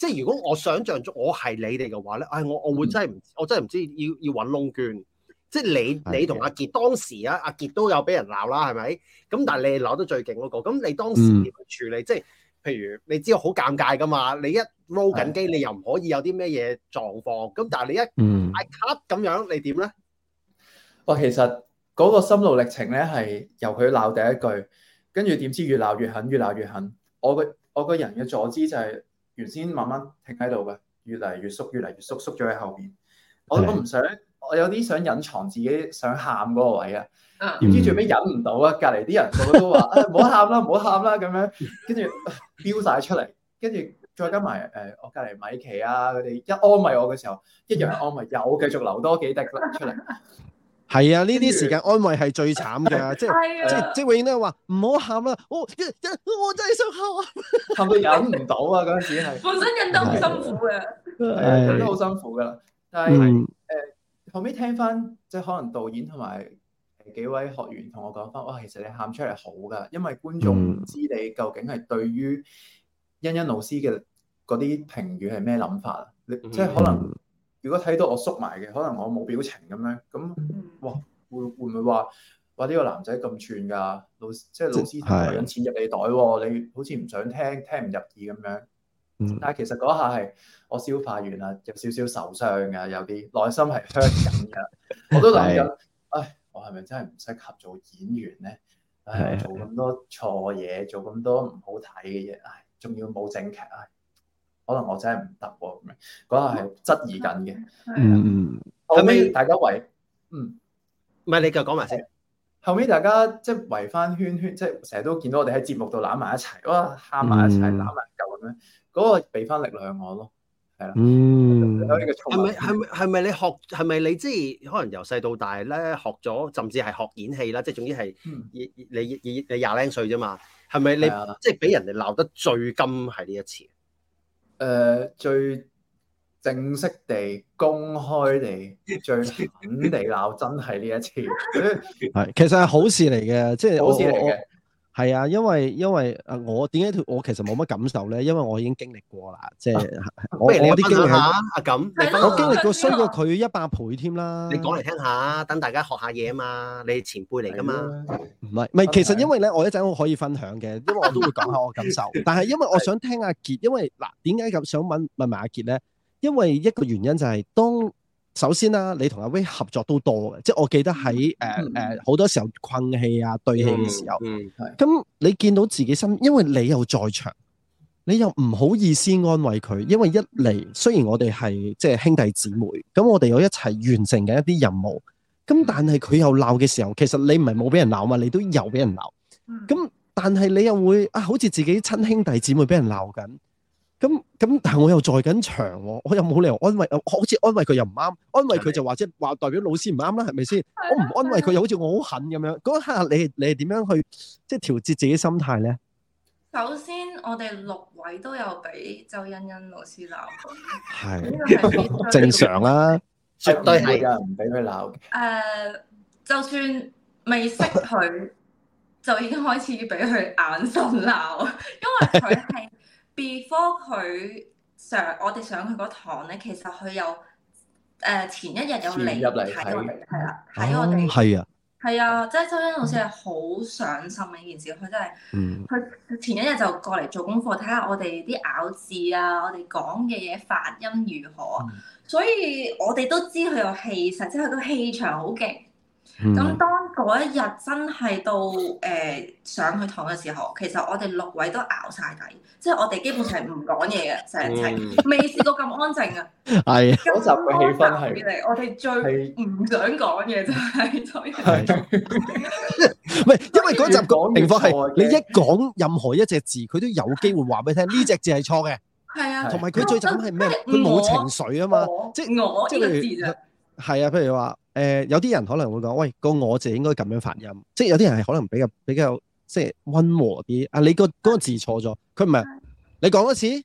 即係如果我想像中我係你哋嘅話咧，唉、哎，我我會真係唔，我真係唔知，知，知要要搵窿捐，即係你你同阿杰當時啊，阿杰都有俾人鬧啦，係咪？咁但係你鬧得最勁嗰、那個，咁你當時點去處理？即係。即譬如你知道好尷尬噶嘛，你一 roll 緊機，的你又唔可以有啲咩嘢狀況。咁、嗯、但係你一嗌 cut 咁樣，你點咧？我其實嗰個心路歷程咧，係由佢鬧第一句，跟住點知越鬧越狠，越鬧越狠。我個我個人嘅坐姿就係原先慢慢停喺度嘅，越嚟越縮，越嚟越縮，縮咗喺後邊。的我我唔想，我有啲想隱藏自己想喊嗰個位啊。點知最尾忍唔到啊！隔籬啲人個個都話：唔好喊啦，唔好喊啦！咁樣，跟住飆晒出嚟，跟住再加埋誒，我隔籬米奇啊佢哋一安慰我嘅時候，一樣安慰又繼續留多幾滴出嚟。係啊，呢啲時間安慰係最慘噶，即係即即永遠都係話唔好喊啦！我我真係想喊，喊到忍唔到啊！嗰陣時係本身忍都好辛苦嘅，忍都好辛苦噶啦。但係誒後尾聽翻即係可能導演同埋。幾位學員同我講翻，哇！其實你喊出嚟好㗎，因為觀眾唔知你究竟係對於欣欣老師嘅嗰啲評語係咩諗法。你、嗯、即係可能，如果睇到我縮埋嘅，可能我冇表情咁樣，咁哇，會會唔會話話呢個男仔咁串㗎？老師即係老師投緊錢入你袋喎，的你好似唔想聽，聽唔入耳咁樣。嗯、但係其實嗰下係我消化完啦，有少少受傷嘅，有啲內心係傷緊嘅， 我都諗緊。 我係咪真係唔適合做演員咧？唉、哎，做咁多錯嘢，做咁多唔好睇嘅嘢，唉、哎，仲要冇正劇，唉、哎，可能我真係唔得喎。咁樣嗰下係質疑緊嘅、嗯。嗯，後尾大家圍，嗯，唔係你繼續講埋先。後尾大家即係圍翻圈圈，即係成日都見到我哋喺節目度攬埋一齊，哇，喊埋一齊，攬埋嚿咁樣，嗰、嗯，嗰個俾翻力量我咯。嗯，係咪係咪係咪你學係咪你即係、就是、可能由細到大咧學咗，甚至係學演戲啦，即、就、係、是、總之係、嗯，你你你你廿零歲啫嘛，係咪你即係俾人哋鬧得最甘係呢一次？誒、呃，最正式地、公開地、最狠地鬧，真係呢一次。係， 其實係好事嚟嘅，即、就、係、是、好事嚟嘅。係啊，因為因為誒，我點解我其實冇乜感受咧？因為我已經經歷過啦，即係我有啲經歷吓。啊咁，我經歷過，衰過佢一百倍添啦。你講嚟聽下，等大家學下嘢，啊嘛。你係前輩嚟噶嘛？唔係唔係，其實因為咧，我一陣我可以分享嘅，因為我都會講下我感受。但係因為我想聽阿杰，因為嗱，點解咁想問問埋阿杰咧？因為一個原因就係當。首先啦，你同阿威合作都多嘅，即係我記得喺誒誒好多時候困氣啊對氣嘅時候，咁、嗯嗯、你見到自己心，因為你又在場，你又唔好意思安慰佢，因為一嚟雖然我哋係即係兄弟姊妹，咁我哋有一齊完成嘅一啲任務，咁但係佢又鬧嘅時候，其實你唔係冇俾人鬧嘛，你都有俾人鬧，咁但係你又會啊，好似自己親兄弟姊妹俾人鬧緊。咁但係我又在緊場喎，我又冇理由安慰，好似安慰佢又唔啱，安慰佢就或者話代表老師唔啱啦，係咪先？的我唔安慰佢又的好似我好狠咁樣。嗰下你係你係點樣去即係、就是、調節自己心態咧？首先我哋六位都有俾周欣欣老師鬧，係的正常啦、啊，絕對係噶，唔俾佢鬧。誒，uh, 就算未識佢， 就已經開始俾佢眼神鬧，因為佢係。before 佢上我哋上去嗰堂咧，其實佢有誒、呃、前一日有嚟睇，係啦，睇對我哋係、哦、啊，係啊，即、就、係、是、周欣老師係好上心呢件事，佢、嗯、真係，佢前一日就過嚟做功課，睇下我哋啲咬字啊，我哋講嘅嘢發音如何，嗯、所以我哋都知佢有氣勢，即係佢個氣場好勁。咁當嗰一日真係到誒上去堂嘅時候，其實我哋六位都咬晒底，即係我哋基本上係唔講嘢嘅，成日程未試過咁安靜啊！係嗰集嘅氣氛係，我哋最唔想講嘢就係，因為嗰集嘅情況係你一講任何一隻字，佢都有機會話俾你聽呢隻字係錯嘅。係啊，同埋佢最慘係咩？佢冇情緒啊嘛，即係我即係譬如係啊，譬如話。誒、呃、有啲人可能會講，喂個我就應該咁樣發音，即係有啲人係可能比較比較即係溫和啲。啊，你、個嗰、個、字錯咗，佢唔係，的你講一次，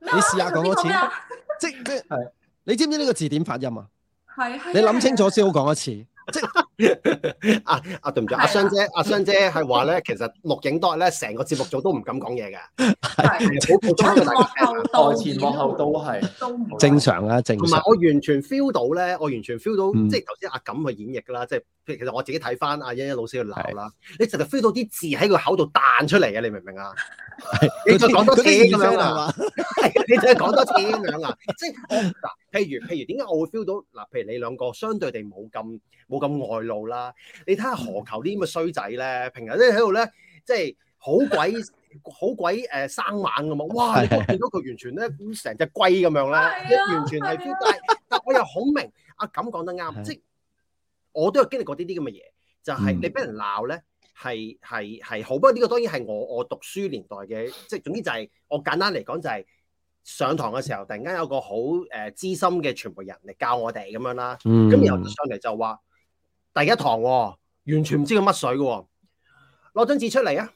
麼你試下講多次，什麼 即即係你知唔知呢個字點發音啊？係的你諗清楚先好講一次，即是的 啊啊對唔住，阿湘、 啊、姐，阿、啊、湘姐係話咧，其實錄影多咧，成個節目組都唔敢講嘢嘅，係， 好普通嘅，大家，台前幕後都係，都正常啦、啊，正常。同埋我完全 feel 到咧，我完全 feel 到，即係頭先阿錦去演繹噶啦，即係譬如，其實我自己睇翻阿欣欣老師嘅鬧啦，是你實實 feel 到啲字喺個口度彈出嚟嘅，你明唔明啊？ 們你再講多次咁樣？ 你再講多次咁樣？即係嗱、啊，譬如譬如，點解我會 feel 到嗱？譬如你兩個相對地冇咁冇咁外。路啦，你睇下何求啲咁嘅衰仔咧？平日咧喺度咧，即係好鬼好鬼誒生猛咁啊！哇！你見到佢完全咧，成隻龜咁樣咧，啊、完全係，啊、但係我又好明阿錦講得啱，啊、即我都有經歷過呢啲咁嘅嘢，就係、是、你俾人鬧咧，係係係好。不過呢個當然係我我讀書年代嘅，即係總之就係、是、我簡單嚟講就係、是、上堂嘅時候，突然間有個好誒資深嘅傳媒人嚟教我哋咁樣啦。咁然後有上嚟就話。第一堂喎、哦，完全唔知佢乜水嘅、哦，攞張紙出嚟啊！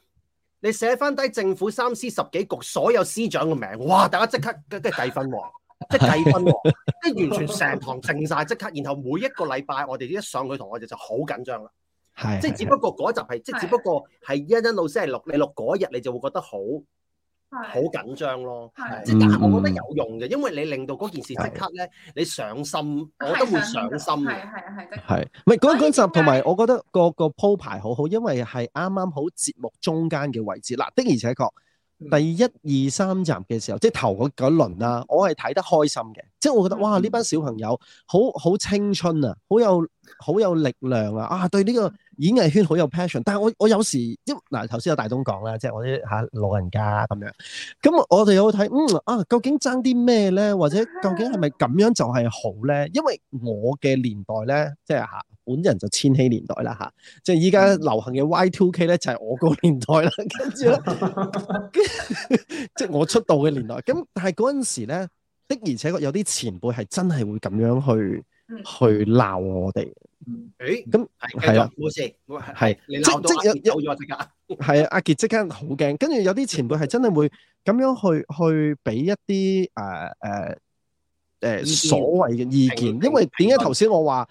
你寫翻低政府三司十幾局所有司長嘅名，哇！大家即刻即係計分喎、哦，即係 計分喎、哦， 即係完全成堂靜晒。即刻。然後每一個禮拜我哋一上去堂，我哋就好緊張啦。係，即係只不過嗰集係， 即係只不過係欣欣老師係錄你錄嗰日，你就會覺得好。好緊張咯，的即係我覺得有用嘅，的因為你令到嗰件事即刻咧，的你上心，的我都會上心嘅。係係，係的。唔係嗰集，同埋我覺得個個鋪排好好，因為係啱啱好節目中間嘅位置。嗱，的而且確，第一二三集嘅時候，即係頭嗰輪啦，我係睇得開心嘅，即係、嗯、我覺得哇，呢班小朋友好好青春啊，好有好有力量啊，啊對呢、呢個。演藝圈好有 passion，但係我我有時，啱頭先有大東講啦，即係我啲吓老人家咁樣，咁我哋有睇，嗯啊，究竟爭啲咩咧？或者究竟係咪咁樣就係好咧？因為我嘅年代咧，即係吓本人就千禧年代啦吓，即係依家流行嘅 Y2K 咧就係我個年代啦，跟住咧，即係我出道嘅年代。咁但係嗰陣時咧，的而且確有啲前輩係真係會咁樣去去鬧我哋。嗯，誒，咁係啦，冇事，係，即即刻，有，我即刻，係啊，阿杰即刻好驚，跟住有啲前輩係真係會咁樣去去俾一啲誒誒誒所謂嘅意見，因為點解頭先我話，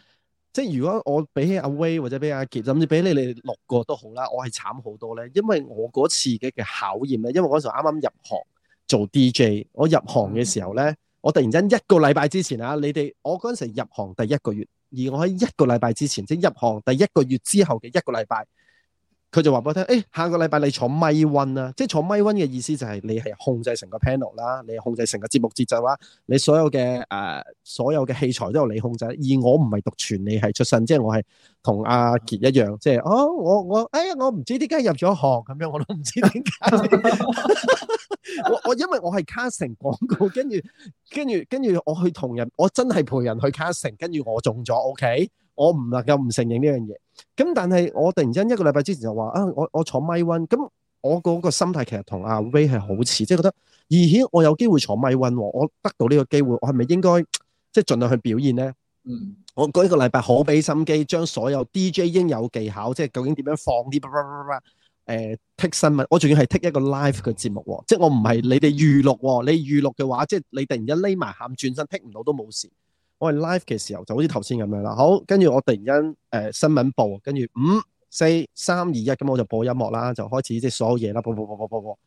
即係如果我俾起阿威或者俾阿杰，甚至俾你哋六個都好啦，我係慘好多咧，因為我嗰次嘅嘅考驗咧，因為嗰時啱啱入行做 DJ，我入行嘅時候咧，我突然間一個禮拜之前啊，你哋我嗰陣時入行第一個月。而我喺一個禮拜之前，即係入行第一個月之後嘅一個禮拜。佢就話俾我聽，誒、哎、下個禮拜你坐咪溫啊。即係坐咪溫嘅意思就係你係控制成個 panel 啦，你控制成個節目節奏啦，你所有嘅誒、呃、所有嘅器材都由你控制。而我唔係讀傳理系出身，即係我係同阿杰一樣，即係哦我我，哎呀我唔知點解入咗行咁樣，我都唔知點解。我 我，我因為我係 casting 廣告，跟住跟住跟住我去同人，我真係陪人去 casting，跟住我中咗，OK。我唔能夠唔承認呢樣嘢，咁但係我突然間一個禮拜之前就話啊，我我坐咪 one，咁我嗰個心態其實同阿 Ray 係好似，即係覺得二選我有機會坐咪 one，我得到呢個機會，我係咪應該即係盡量去表現咧？嗯，我嗰一個禮拜可俾心機，將所有 DJ 應有技巧，即係究竟點樣放啲，誒 take 新聞，我仲要係 take 一個 live 嘅節目，即係我唔係你哋預錄，你預錄嘅話，即係你突然間匿埋喊轉身 take 唔到都冇事。我係 live 嘅時候，就好似頭先咁樣啦。好，跟住我突然間誒、呃、新聞報，跟住五四三二一，咁我就播音樂啦，就開始即係所有嘢啦，播播播播播播。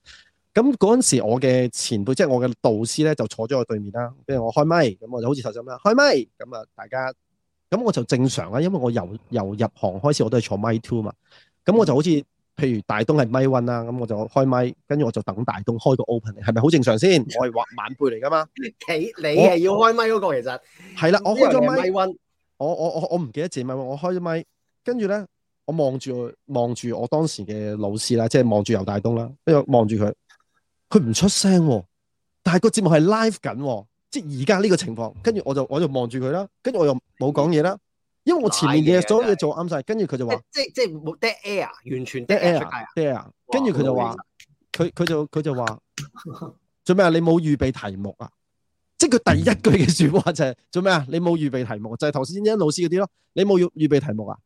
咁嗰陣時我，我嘅前輩即係我嘅導師咧，就坐咗我對面啦。跟住我開麥，咁我就好似頭先啦，開麥咁啊，大家咁我就正常啦，因為我由由入行開始我都係坐 mic two 嘛，咁我就好似。譬如大東係咪 one 啦，咁我就開 mic，跟住我就等大東開個 open，係咪好正常先？我係話晚輩嚟噶嘛？企 你係要開 mic 嗰、那個我其實係啦，我開咗 mic，我我我我唔記得自己 mic，我開咗 mic，跟住咧我望住望住我當時嘅老師啦、就是，即係望住游大東啦，跟住望住佢，佢唔出聲，但係個節目係 live 緊，即係而家呢個情況，跟住我就我就望住佢啦，跟住我又冇講嘢啦。因為我前面嘅所有嘢做啱晒，跟住佢就話、欸，即即冇 dead air 完全 dead air 跟住佢就話，佢佢就佢就話，做咩啊？你冇預備題目啊？即佢第一句嘅說話就係、是、做咩啊？你冇預備題目，就係頭先英老師嗰啲咯，你冇預預備題目啊？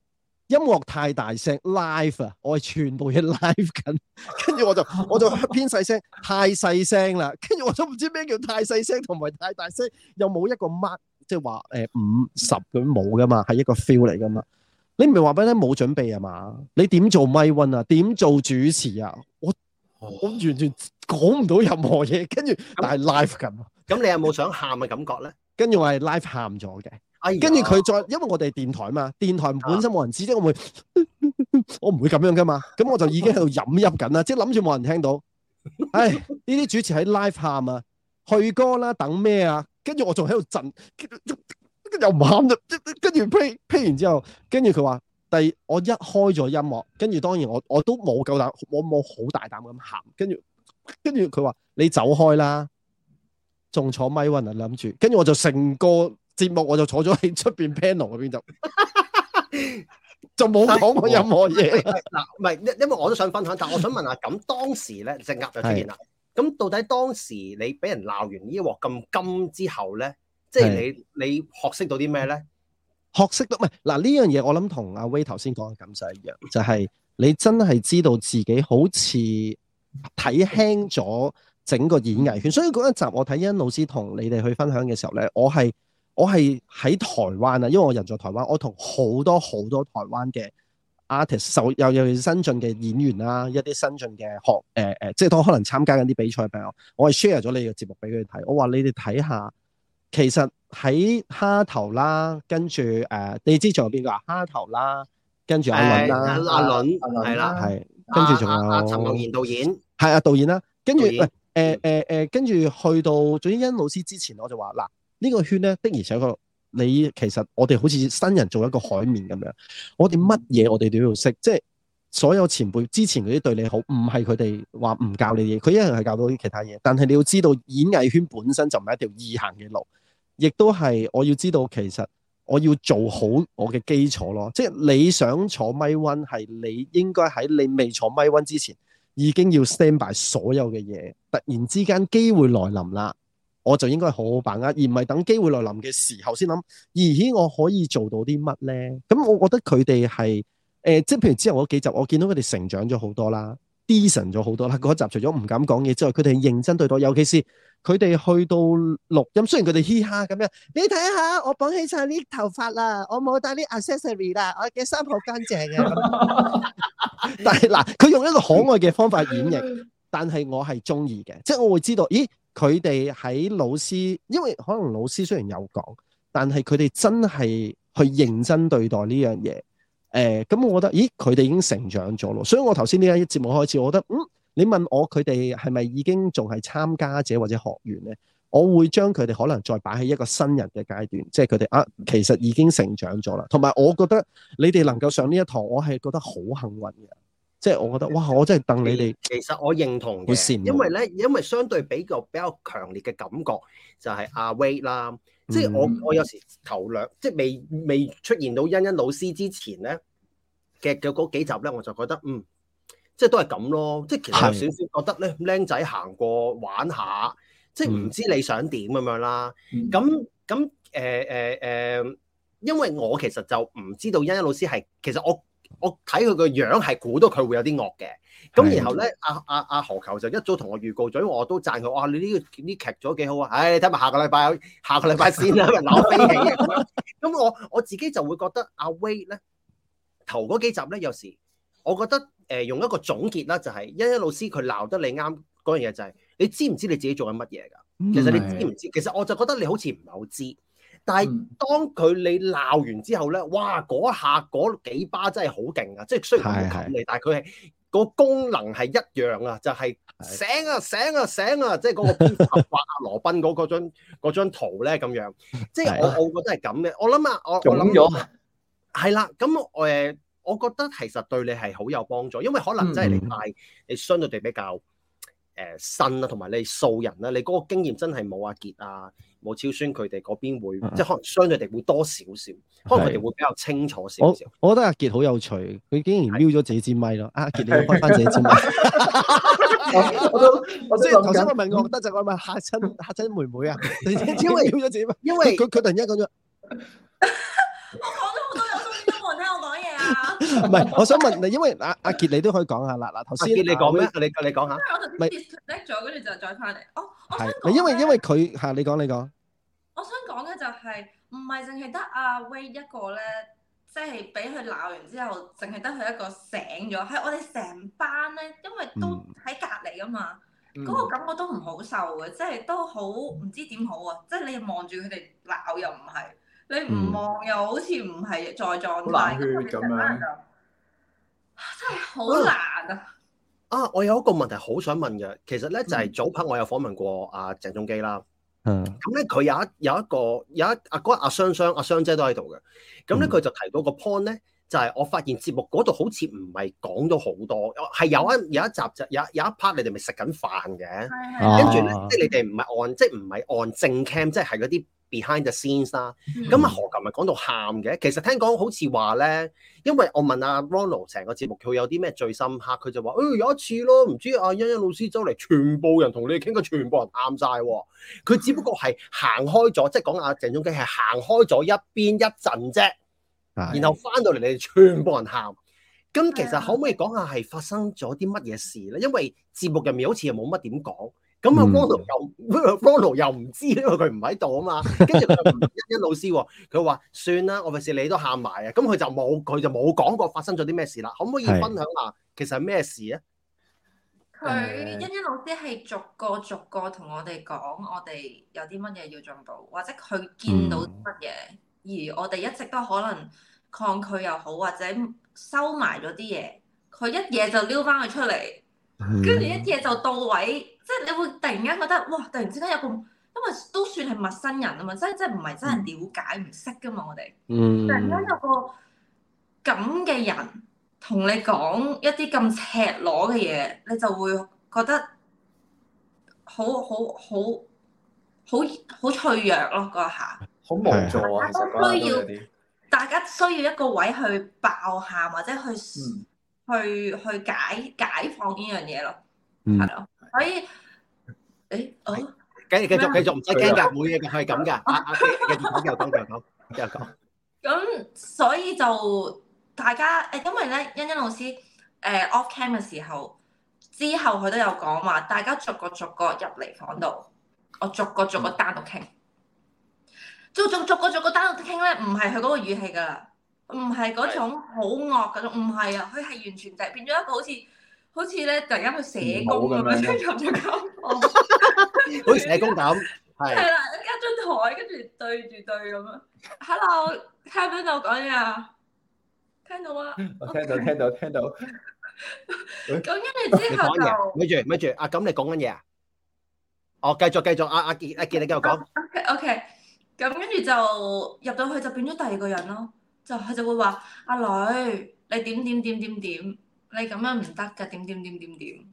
音樂太大聲，live 啊，我係全部嘢 live 緊，跟住我就我就偏細聲，太細聲啦，跟住我都唔知咩叫太細聲同埋太大聲，又冇一個 mark。即係話誒五十咁冇噶嘛，係一個 feel 嚟噶嘛。你唔係話俾你冇準備啊嘛？你點做咪啊？點做主持啊？我我完全講唔到任何嘢，跟住但係 live 咁。咁你有冇想喊嘅感覺咧？跟住我係 live 喊咗嘅。跟住佢再，因為我哋電台嘛，電台本身冇人知，即我唔會， 我唔會咁樣噶嘛。咁我就已經喺度飲泣緊啦，即係諗住冇人聽到。唉，呢啲主持喺 live 喊啊，去歌啦，等咩啊？跟住我仲喺度震，跟住又唔喊啦，跟住 play play 完之後，跟住佢話第我一開咗音樂，跟住當然我我都冇夠膽，我冇好大膽咁喊，跟住跟住佢話你走開啦，仲坐咪運啊諗住，跟住我就成個節目我就坐咗喺出邊 panel 嗰邊就 就冇講過任何嘢。嗱，唔係，因為我都想分享，但我想問下，咁當時咧隻鴨就出現啦。咁到底當時你俾人鬧完呢鑊咁金之後呢？即係你是你學識到啲咩呢？學識到唔係嗱呢樣嘢，我諗同阿威頭先講嘅感受一樣，就係、是、你真係知道自己好似睇輕咗整個演藝圈。所以嗰一集我睇欣老師同你哋去分享嘅時候呢，我係我係喺台灣啊，因為我人在台灣，我同好多好多台灣嘅。Artist，尤其係新進嘅演員啦，一啲新進嘅學誒誒、呃，即係當可能參加緊啲比賽朋友，我係 share 咗你嘅節目俾佢睇，我話你哋睇下，其實喺蝦頭啦，跟住誒、呃，你知有邊個、哎、啊？蝦頭啦，跟住阿倫啦，阿倫係啦，係跟住仲有阿陳浩賢導演，係阿、啊、導演啦，跟住喂誒誒誒，跟住去到锺欣欣老師之前，我就話嗱，呢、這個圈咧的而且確。你其實我哋好似新人做一個海綿咁樣，我哋乜嘢我哋都要識，即係所有前輩之前嗰啲對你好，唔係佢哋話唔教你嘢，佢一樣係教到啲其他嘢。但係你要知道，演藝圈本身就唔係一條易行嘅路，亦都係我要知道，其實我要做好我嘅基礎咯。即係你想坐咪 one，係你應該喺你未坐咪 one 之前，已經要 stand by 所有嘅嘢。突然之間機會來臨啦。我就應該好好把握，而唔係等機會來臨嘅時候先諗。而而且我可以做到啲乜咧？咁、嗯、我覺得佢哋係誒，即、呃、係譬如之後嗰幾集，我見到佢哋成長咗好多啦，decent 咗好多啦。嗰集除咗唔敢講嘢之外，佢哋係認真對待。尤其是佢哋去到錄音、嗯，雖然佢哋嘻哈咁樣， 你睇下我綁起曬啲頭髮啦，我冇戴啲 accessory 啦，我嘅衫好乾淨嘅、啊。 但係嗱，佢用一個可愛嘅方法演繹，但係我係中意嘅，即係我會知道，咦？佢哋喺老師，因為可能老師雖然有講，但係佢哋真係去認真對待呢樣嘢。誒、呃，咁我覺得，咦，佢哋已經成長咗咯。所以我頭先呢一節目開始，我覺得，嗯，你問我佢哋係咪已經仲係參加者或者學員呢？我會將佢哋可能再擺喺一個新人嘅階段，即係佢哋啊，其實已經成長咗啦。同埋我覺得，你哋能夠上呢一堂，我係覺得好幸運嘅。即係我覺得，哇！我真係戥你哋。其實我認同嘅，因為咧，因為相對比較比較強烈嘅感覺就係阿 Wade 啦。嗯、即係我我有時頭兩，即係未未出現到欣欣老師之前咧嘅嘅嗰幾集咧，我就覺得嗯，即係都係咁咯。即係其實有少少覺得咧，僆仔行過玩下，即係唔知你想點咁樣啦。咁咁誒誒誒，因為我其實就唔知道欣欣老師係其實我。我睇佢個樣係估到佢會有啲惡嘅，咁然後咧，阿阿阿何球就一早同我預告咗，因為我都讚佢，哇、啊！你呢、這個呢、這個、劇咗幾好啊？唉、哎，睇埋下個禮拜，下個禮拜先啦，攞咁 我我自己就會覺得阿威咧頭嗰幾集咧，有時我覺得誒、呃、用一個總結啦、就是，就係欣欣老師佢鬧得你啱嗰樣嘢就係、是、你知唔知你自己做緊乜嘢㗎？其實你知唔知？其實我就覺得你好似唔係好知。但係當佢你鬧完之後咧，哇！嗰下嗰幾巴真係好勁啊！即係雖然佢冚你，但係佢係個功能係一樣啊，就係醒啊醒啊醒啊！即係嗰個蝙蝠俠阿羅賓嗰嗰張嗰張圖咧咁樣，即係我我覺得係咁嘅。我諗啊，我我諗咗，係啦。咁誒，我覺得其實對你係好有幫助，因為可能真係你賣你相對地比較。誒新啦、啊，同埋你素人啦、啊，你嗰個經驗真係冇阿傑啊，冇超孫佢哋嗰邊會，嗯、即係可能相對地會多少少，的可能佢哋會比較清楚少少。我覺得阿傑好有趣，佢竟然瞄咗自己支咪咯的、啊。阿傑，你開翻自己支咪 我？我都我頭先問緊，問我覺得就係問嚇親，嚇親妹妹啊，為因為要咗自己，因為佢佢突然之間講咗。 唔係， 我想問你，因為阿阿杰你都可以講下啦。嗱，頭先你講咩？你你講下。唔係，我頭先 disconnect 咗，跟住就再翻嚟。哦，係。唔係因為因為佢，係、啊、你講你講。我想講嘅就係、是、唔係淨係得阿威一個咧，即係俾佢鬧完之後，淨係得佢一個醒咗。喺我哋成班咧，因為都喺隔籬噶嘛，嗰、嗯、個感覺都唔好受嘅，即、就、係、是、都好唔知點好啊！即、就、係、是、你望住佢哋鬧又唔係。你唔望又好似唔係在狀態咁樣，嗯啊，真係好難啊！啊，我有一個問題好想問嘅，其實咧就係、是、早排我有訪問過阿、啊、鄭中基啦。嗯。咁咧佢有一有一個有一阿、那個、阿雙雙阿雙姐都喺度嘅。咁咧佢就提到個 point 咧，就係、是、我發現節目嗰度好似唔係講咗好多，係有一、嗯、有一集就有一有一 part 你哋咪食緊飯嘅，跟住咧即係你哋唔係按即係唔係按正 cam，即係係嗰啲。Behind the scenes 啦、啊，咁啊、mm hmm. 何琴咪講到喊嘅，其實聽講好似話咧，因為我問阿 Ronald 成個節目佢有啲咩最深刻，佢就話：誒、欸、有一次咯，唔知阿欣，欣欣老師走嚟，全部人同你哋傾嘅傾過，全部人喊曬，佢只不過係行開咗， 即係講阿鄭中基係行開咗一邊一陣啫， 然後翻到嚟你哋全部人喊，咁其實可唔可以講下係發生咗啲乜嘢事咧？因為節目入面好似又冇乜點講。咁阿、 嗯、 Ronald 又 Ronald 又唔知，因為佢唔喺度啊嘛。跟住佢唔欣欣老師、啊，佢話 算啦，我費事你都喊埋啊。咁佢就冇，佢就冇講過發生咗啲咩事啦。可唔可以分享下其實咩事啊？佢欣欣老師係逐個逐個同我哋講，我哋有啲乜嘢要進步，或者佢見到乜嘢，嗯、而我哋一直都可能抗拒又好，或者收埋咗啲嘢，佢一嘢就撩翻佢出嚟，跟住一嘢就到位。即係你會突然間覺得，哇！突然之間有個，因為都算係陌生人啊嘛，即係即係唔係真係了解唔識㗎嘛，我哋、嗯、突然間有個咁嘅人同你講一啲咁赤裸嘅嘢，你就會覺得好好好好好脆弱咯，嗰下。好無助啊！大家需要，大家需要一個位去爆喊或者去、嗯、去去解解放呢樣嘢咯，係咯、嗯。可以，誒，哦，繼續繼續唔使驚噶，冇嘢噶，係咁噶，阿阿杰又講又講又講又講。咁所以就大家誒，因為咧欣欣老師誒，off cam 嘅時候之後佢都有講話，大家逐個逐個入嚟房度，我逐個逐個單獨傾，逐逐逐個逐個單獨傾咧，唔係佢嗰個語氣噶，唔係嗰種好惡嗰種，唔係啊，佢係完全就變咗一個好似。好似咧，突然間去寫工咁樣咁，好似寫工咁，係啦，一張台跟住對住對咁啊。Hello，聽唔聽到講嘢啊？聽到啊，我聽到聽到聽到。咁跟住之後就，咪住咪住啊，咁你講緊嘢啊？哦，繼續繼續，阿阿杰阿杰你繼續講。OK OK，咁跟住就入到去就變咗第二個人咯，就佢就會話：阿女，你點點點點點。你咁樣唔得噶，點點點點點，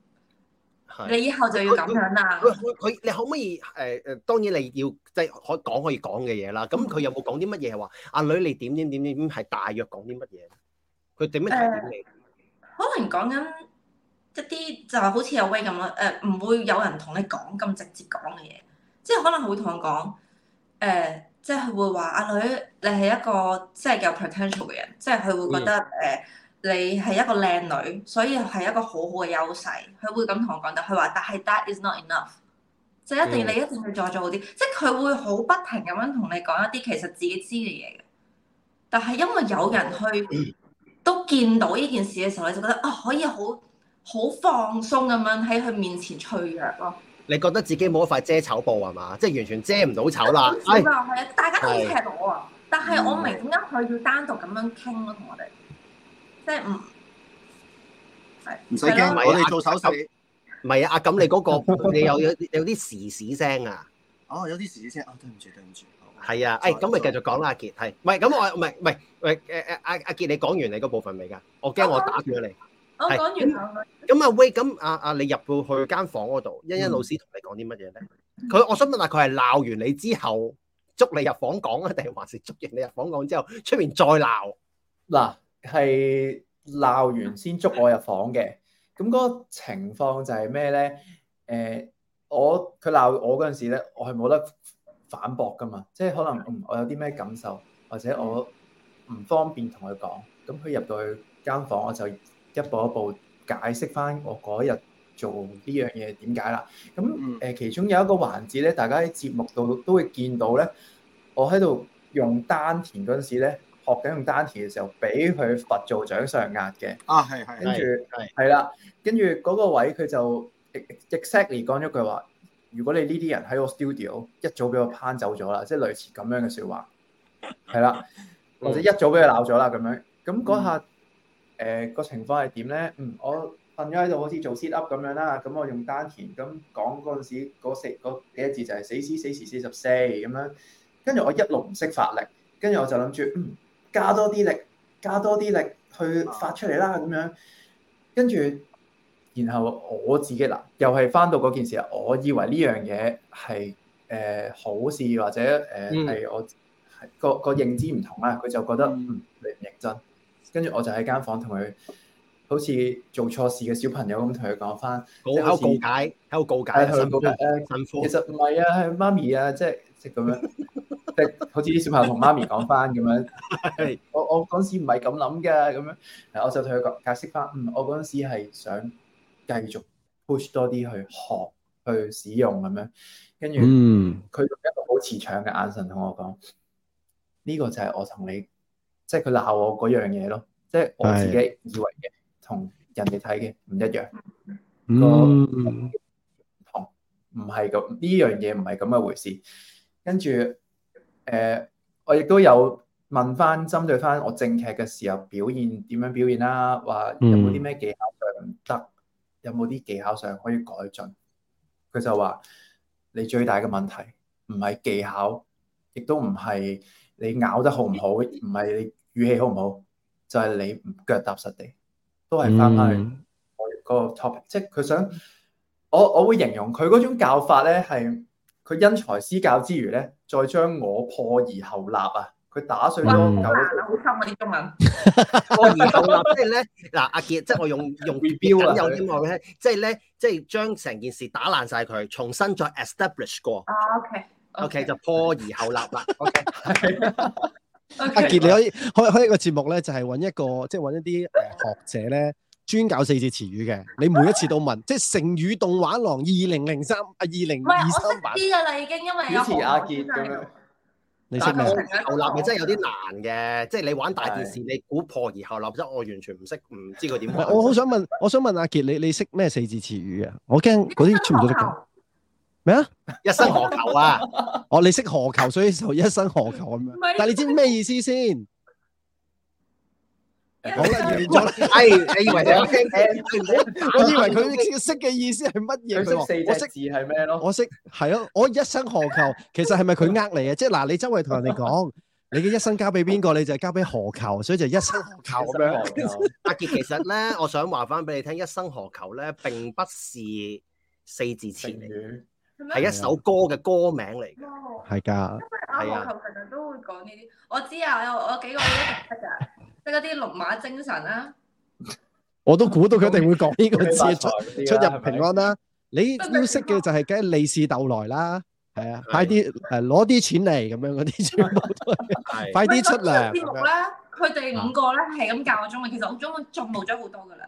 你以後就要咁樣啦。佢佢你可唔可以誒誒？當然你要即係可講可以講嘅嘢啦。咁佢有冇講啲乜嘢？係話阿女你點點點點，係大約講啲乜嘢？佢點樣提點你？可能講緊一啲就係好似阿威咁樣。誒唔會有人同你講咁直接講嘅嘢，即係可能會同我講誒，即係佢會話阿、呃、女你係一個即係有 potential 嘅人，即係佢會覺得誒。嗯。你係一個靚女，所以係一個好好嘅優勢。佢會咁同我講，但佢話，但係 that is not enough，就一定你一定去再做好啲。嗯、即係佢會好不停咁樣同你講一啲其實自己知嘅嘢嘅。但係因為有人去都見到呢件事嘅時候，你就覺得啊，可以好好放鬆咁樣喺佢面前脆弱咯。你覺得自己冇一塊遮醜布係嘛？即係完全遮唔到醜啦。係啊、嗯哎、大家都好赤裸啊！但係我唔明點解佢要單獨咁樣傾咯，同我哋。即係唔係唔使驚，我哋做手術唔係啊？咁你嗰個你有有有啲屎屎聲啊？哦，有啲屎屎聲啊！對唔住，對唔住。係啊，誒，咁咪繼續講啦，阿杰係，唔係咁我唔係唔係誒誒阿阿杰，你講完你個部分未噶？我驚我打斷你。我講完後啦。咁啊，喂，咁阿 Wade 你入到去間房嗰度，欣欣老師同你講啲乜嘢咧？佢，我想問下，佢係鬧完你之後捉你入房講啊，定係還是捉完你入房講之後出面再鬧嗱？係鬧完先捉我入房嘅，咁、那、嗰個情況就係咩咧？誒、呃，我佢鬧我嗰陣時咧，我係冇得反駁㗎嘛，即係可能、嗯、我有啲咩感受，或者我唔方便同佢講。咁佢入到去間房，我就一步一步解釋返我嗰日做呢樣嘢點解啦。咁誒、呃，其中有一個環節咧，大家喺節目度都會見到咧，我喺度用丹田嗰陣時咧。學緊用丹田嘅時候，俾佢罰做掌上壓嘅。啊，係係係。係啦，跟住著嗰個位佢就 exactly 講咗句話：如果你呢啲人喺我 studio 一早俾我拋走咗啦，嗯、即係類似咁樣嘅説話，係啦、嗯，或者一早俾佢鬧咗啦咁樣。咁嗰下誒、呃、個情況係點咧？嗯，我瞓咗喺度，好似做 sit up 咁樣啦。咁我用丹田咁講嗰陣時，嗰四嗰幾字就係死死死時四十四咁樣。跟住我一路唔識發力，跟住我就諗住嗯。加多啲力，加多啲力去發出嚟啦咁樣，跟住，然後我自己嗱，又係翻到嗰件事啊，我以為呢樣嘢係誒好事或者誒係、呃嗯、我個個認知唔同啊，佢就覺得你唔、嗯嗯、認真，跟住我就喺間房同佢好似做錯事嘅小朋友咁同佢講翻，喺度搞告解，喺度告解，父父其實唔係啊，係媽咪啊，即係即咁樣。 好似啲小朋友同媽咪講翻咁樣， 我我嗰時唔係咁諗嘅，咁樣，我就同佢解解釋翻，嗯，我嗰陣時係想繼續 push 多啲去學去使用咁樣，跟住，嗯，佢用一個好慈祥嘅眼神同我講，呢個就係我同你，即係佢鬧我嗰樣嘢咯，即係我自己以為嘅同人哋睇嘅唔一樣，個唔同，唔係咁，呢樣嘢唔係咁嘅回事，跟住。誒，uh, 我亦都有問翻，針對翻我正劇嘅時候表現點樣表現啦，啊，話有冇啲咩技巧上唔得，mm hmm. 有冇啲技巧上可以改進？佢就話你最大嘅問題唔係技巧，亦都唔係你咬得好唔好，唔係你語氣好唔好，就係、是、你腳踏實地，都係翻翻去我個 topic，mm hmm. 即係佢想我我會形容佢嗰種教法咧係。佢因材施教之餘咧，再將我破而後立啊！佢打碎咗舊，好難好深啊啲中文。破而後立即係咧，嗱阿杰，即係我用用僅有啲我咧，即係咧，即係將成件事打爛晒佢，重新再 establish 過。OK OK 就破而後立啦。OK，阿杰，你可以可可開一個節目咧，就係揾一個即係揾一啲誒學者咧。專搞四字詞語嘅，你每一次都問，即係成語動畫廊二零零三啊二零二三版。識啲嘅啦，已經因為主持阿杰咁樣、就是，你但係我牛立嘅真係有啲難嘅，對即係你玩大電視，你估破而後立，即我完全唔識，唔知佢點。 我好想問，我想問阿杰，你你識咩四字詞語啊？我驚嗰啲出唔到啲咩啊？一生何求 啊？哦、oh，你識何求，所以就一生何求咁樣。 但係你知咩意思先？好啦， 完咗了啦。哎，你以為你我我以為佢識嘅意思係乜嘢？佢識字係咩咯？我識係啊。我，我、嗯、一生何求？其實係咪佢呃你啊？即係嗱，你周圍同人哋講，你嘅一生交俾邊個？你就係交俾何求，所以就一生何求咁樣。阿杰，其實咧，我想話翻俾你聽，一生何求咧，並不是四字詞嚟，係一首歌嘅歌名嚟，係噶、哦，係啊的。打籃都會講呢啲，我知啊，我我幾個都識 即嗰啲龍馬精神啦，我都估到佢一定會講呢個字，出出入平安啦。你要識嘅就係梗，利是逗來啦，係啊，快啲誒攞啲錢嚟咁樣嗰啲，快啲出糧。呢啲節目佢哋五個咧係咁教我，其實我中文進步咗好多噶啦。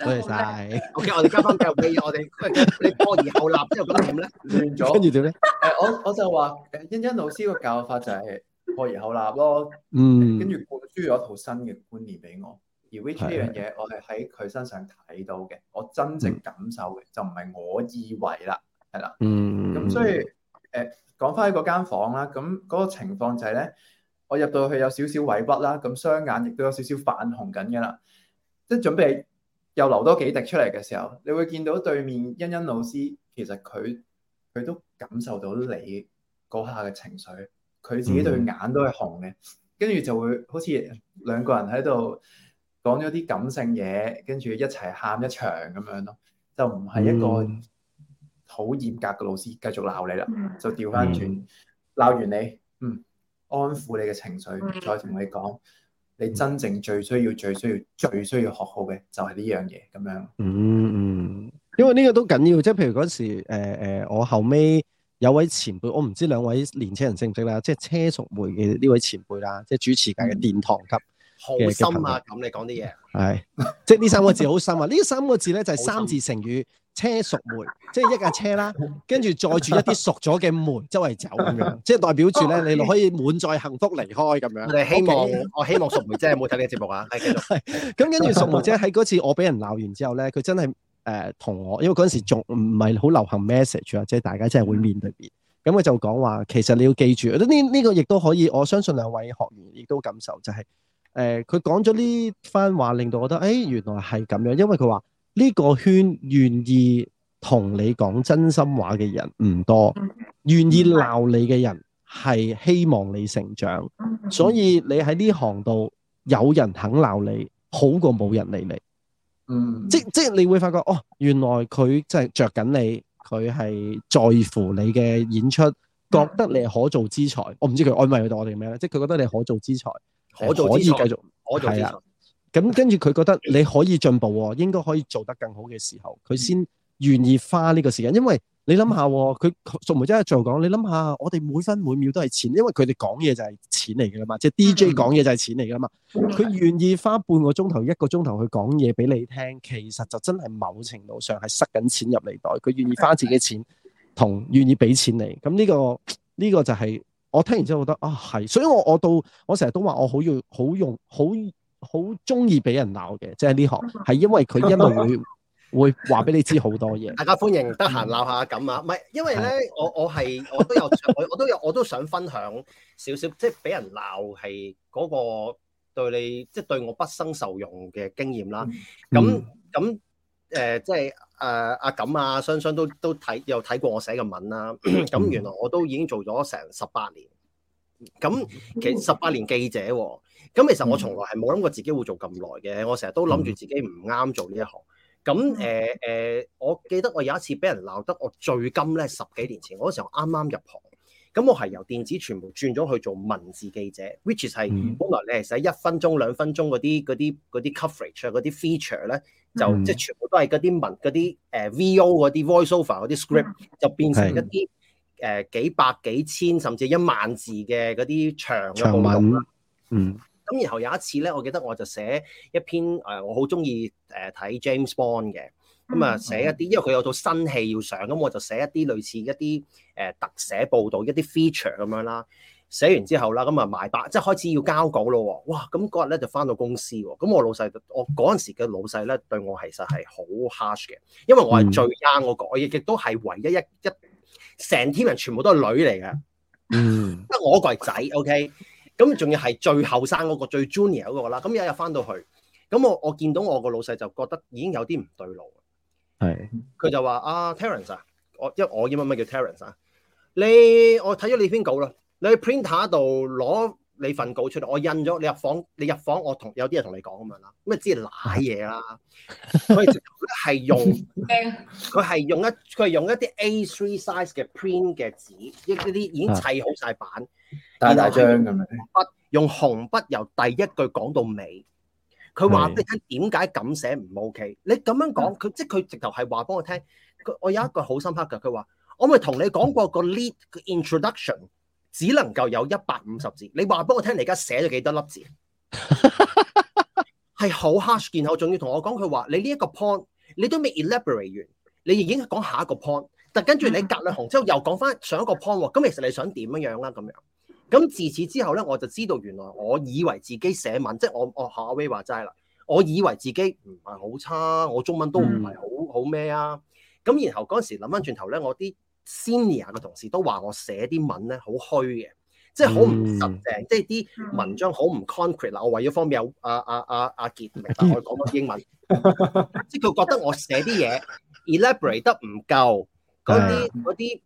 唔該晒。OK，我哋交翻教育嘅，我哋你波而後立，之後覺得點咧？亂咗。跟住點咧？誒，我我就話誒，欣欣老師個教法就係。破而後立咯，嗯，跟住灌輸咗套新嘅觀念俾我。而 which 呢樣嘢，我係喺佢身上睇到嘅，的我真正感受嘅就唔係我以為啦，係啦，嗯，咁所以誒講翻喺嗰間房啦，咁嗰個情況就係咧，我入到去有少少委屈啦，咁雙眼亦都有少少泛紅緊㗎啦，即準備又流多幾滴出嚟嘅時候，你會見到對面欣欣老師，其實佢佢都感受到你嗰下嘅情緒。佢自己對眼都係紅嘅，跟住、嗯、就會好似兩個人喺度講咗啲感性嘢，跟住一齊喊一場咁樣咯，就唔係一個好嚴格嘅老師繼續鬧你啦，嗯、就調翻轉鬧完你，嗯，安撫你嘅情緒，嗯、再同你講你真正最需要、最需要、最需要學好嘅就係呢樣嘢咁樣，嗯。嗯，因為呢個都緊要，即係譬如嗰時，誒、呃、誒、呃，我後尾。有位前輩，我唔知兩位年青人識唔識啦，即係車淑梅嘅呢位前輩啦，即係主持界嘅殿堂級。好心啊！咁你講啲嘢，係 即係呢三個字好深啊！呢三個字咧就係三字成語，車淑梅，即係一架車啦，跟住載住一啲熟咗嘅梅周圍走咁樣，即係代表住咧，你可以滿載幸福離開咁樣。我希望，我希望淑梅姐有冇睇呢個節目啊？係，咁跟住淑梅姐喺嗰次我俾人鬧完之後咧，佢真係。誒、呃、同我，因為嗰陣時仲唔係好流行 message 啊，即係大家真係會面對面。咁佢就講話，其實你要記住，呢、呢、呢個亦都、呢個、可以，我相信兩位學員亦都感受、就係，就係誒佢講咗呢番話，令到我覺得誒、哎、原來係咁樣，因為佢話呢個圈願意同你講真心話嘅人唔多，願意鬧你嘅人係希望你成長，所以你喺呢行度有人肯鬧你好過冇人理你。嗯，即即係你會發覺哦，原來佢真係着緊你，佢係在乎你嘅演出，嗯、覺得你係可造之材。我唔知佢安慰佢對我哋咩咧？即係佢覺得你可造之材，可造、呃、可以繼續係啦。咁跟住佢覺得你可以進步喎、哦，應該可以做得更好嘅時候，佢先願意花呢個時間，因為。你諗下，佢淑梅真係做講。你諗下，我哋每分每秒都係錢，因為佢哋講嘢就係錢嚟噶嘛。即係 D J 講嘢就係、是、錢嚟噶嘛。佢願意花半個鐘頭、一個鐘頭去講嘢俾你聽，其實就真係某程度上係塞緊錢入你袋。佢願意花自己錢，同願意俾錢你。咁呢、這個呢、這個就係、是、我聽完之後覺得啊，係。所以我我到我成日都話我好要好用好好中意俾人鬧嘅，即係呢行係因為佢因為會。 會話俾你知好多嘢，大家歡迎，得閒鬧下咁啊！唔係，因為咧， 我我係我都有，我我都有，我都想分享少少，即係俾人鬧係嗰個對你，即係對我不生受用嘅經驗啦。咁咁誒，即係誒、呃，阿錦啊，雙雙都都睇有睇過我寫嘅文啦、啊。咁 原來我都已經做咗成十八年，咁其實十八年記者、啊，咁其實我從來係冇諗過自己會做咁耐嘅。我成日都諗住自己唔啱做呢一行。嗯咁誒誒，我記得我有一次俾人鬧得我最甘咧，十幾年前，我嗰時候啱啱入行，咁我係由電子全部轉咗去做文字記者，嗯，which 係本來你係寫一分鐘兩分鐘嗰啲啲啲 coverage 啊嗰啲 feature 咧，就即係、嗯、全部都係嗰啲文啲誒 VO 啲 voiceover 嗰啲 script，嗯、就變成一啲誒是、呃、幾百幾千甚至一萬字嘅嗰啲長嘅報道。嗯。咁然後有一次咧，我記得我就寫一篇誒、呃，我好中意誒睇 James Bond 嘅，咁啊寫一啲，因為佢有套新戲要上，咁我就寫一啲類似一啲誒、呃、特寫報導、一啲 feature 咁樣啦。寫完之後啦，咁啊埋單，即係開始要交稿咯喎。哇！咁嗰日咧就翻到公司喎。咁我老細，我嗰陣時嘅老細咧對我其實係好 harsh 嘅，因為我係最啱嗰個，我亦亦都係唯一一一成 team 人全部都係女嚟嘅，嗯、mm，得、hmm。我一個係仔，OK。咁仲要係最後生嗰個最 junior 嗰個啦，咁日日翻到去，咁我我見到我個老細就覺得已經有啲唔對路，係的，佢就話啊 Terence 啊，我因為我英文名叫 Terence 啊，你我睇咗你篇稿啦，你去 printer 度攞你份稿出嚟，我印咗，你入房，你入房我同有啲人同你講咁樣啦，咁啊知係瀨嘢啦，佢係 用，佢係用，用一佢係用一啲 A3 size 嘅 print 嘅紙，一啲已經砌好晒版。 大大張咁樣，筆用紅筆由第一句講到尾。佢話俾你聽點解咁寫唔 OK？你咁樣講，佢即係佢直頭係話俾我聽。佢我有一個好深刻嘅，佢話我咪同你講過個 lead 個 introduction 只能夠有一百五十字。你話俾我聽，你而家寫咗幾多粒字？係好 harsh，a 然後仲要同我講，佢話你呢一個 point 你都未 elaborate 完，你已經講下一個 point。但跟住你隔兩行之後又講翻上一個 point，哦。咁其實你想點樣樣、啊、啦？咁樣。咁自此之後咧，我就知道原來我以為自己寫文，即係我我阿威話齋啦，我以為自己唔係好差，我中文都唔係好好咩啊！咁然後嗰陣時諗翻轉頭咧，我啲 senior 嘅同事都話我寫啲文咧好虛嘅，即係好唔實淨，即係啲文章好唔 concrete 嗱。我為咗方便，有阿阿阿阿杰明白我講嘅英文， 即係佢覺得我寫啲嘢 elaborate 得唔夠。嗰啲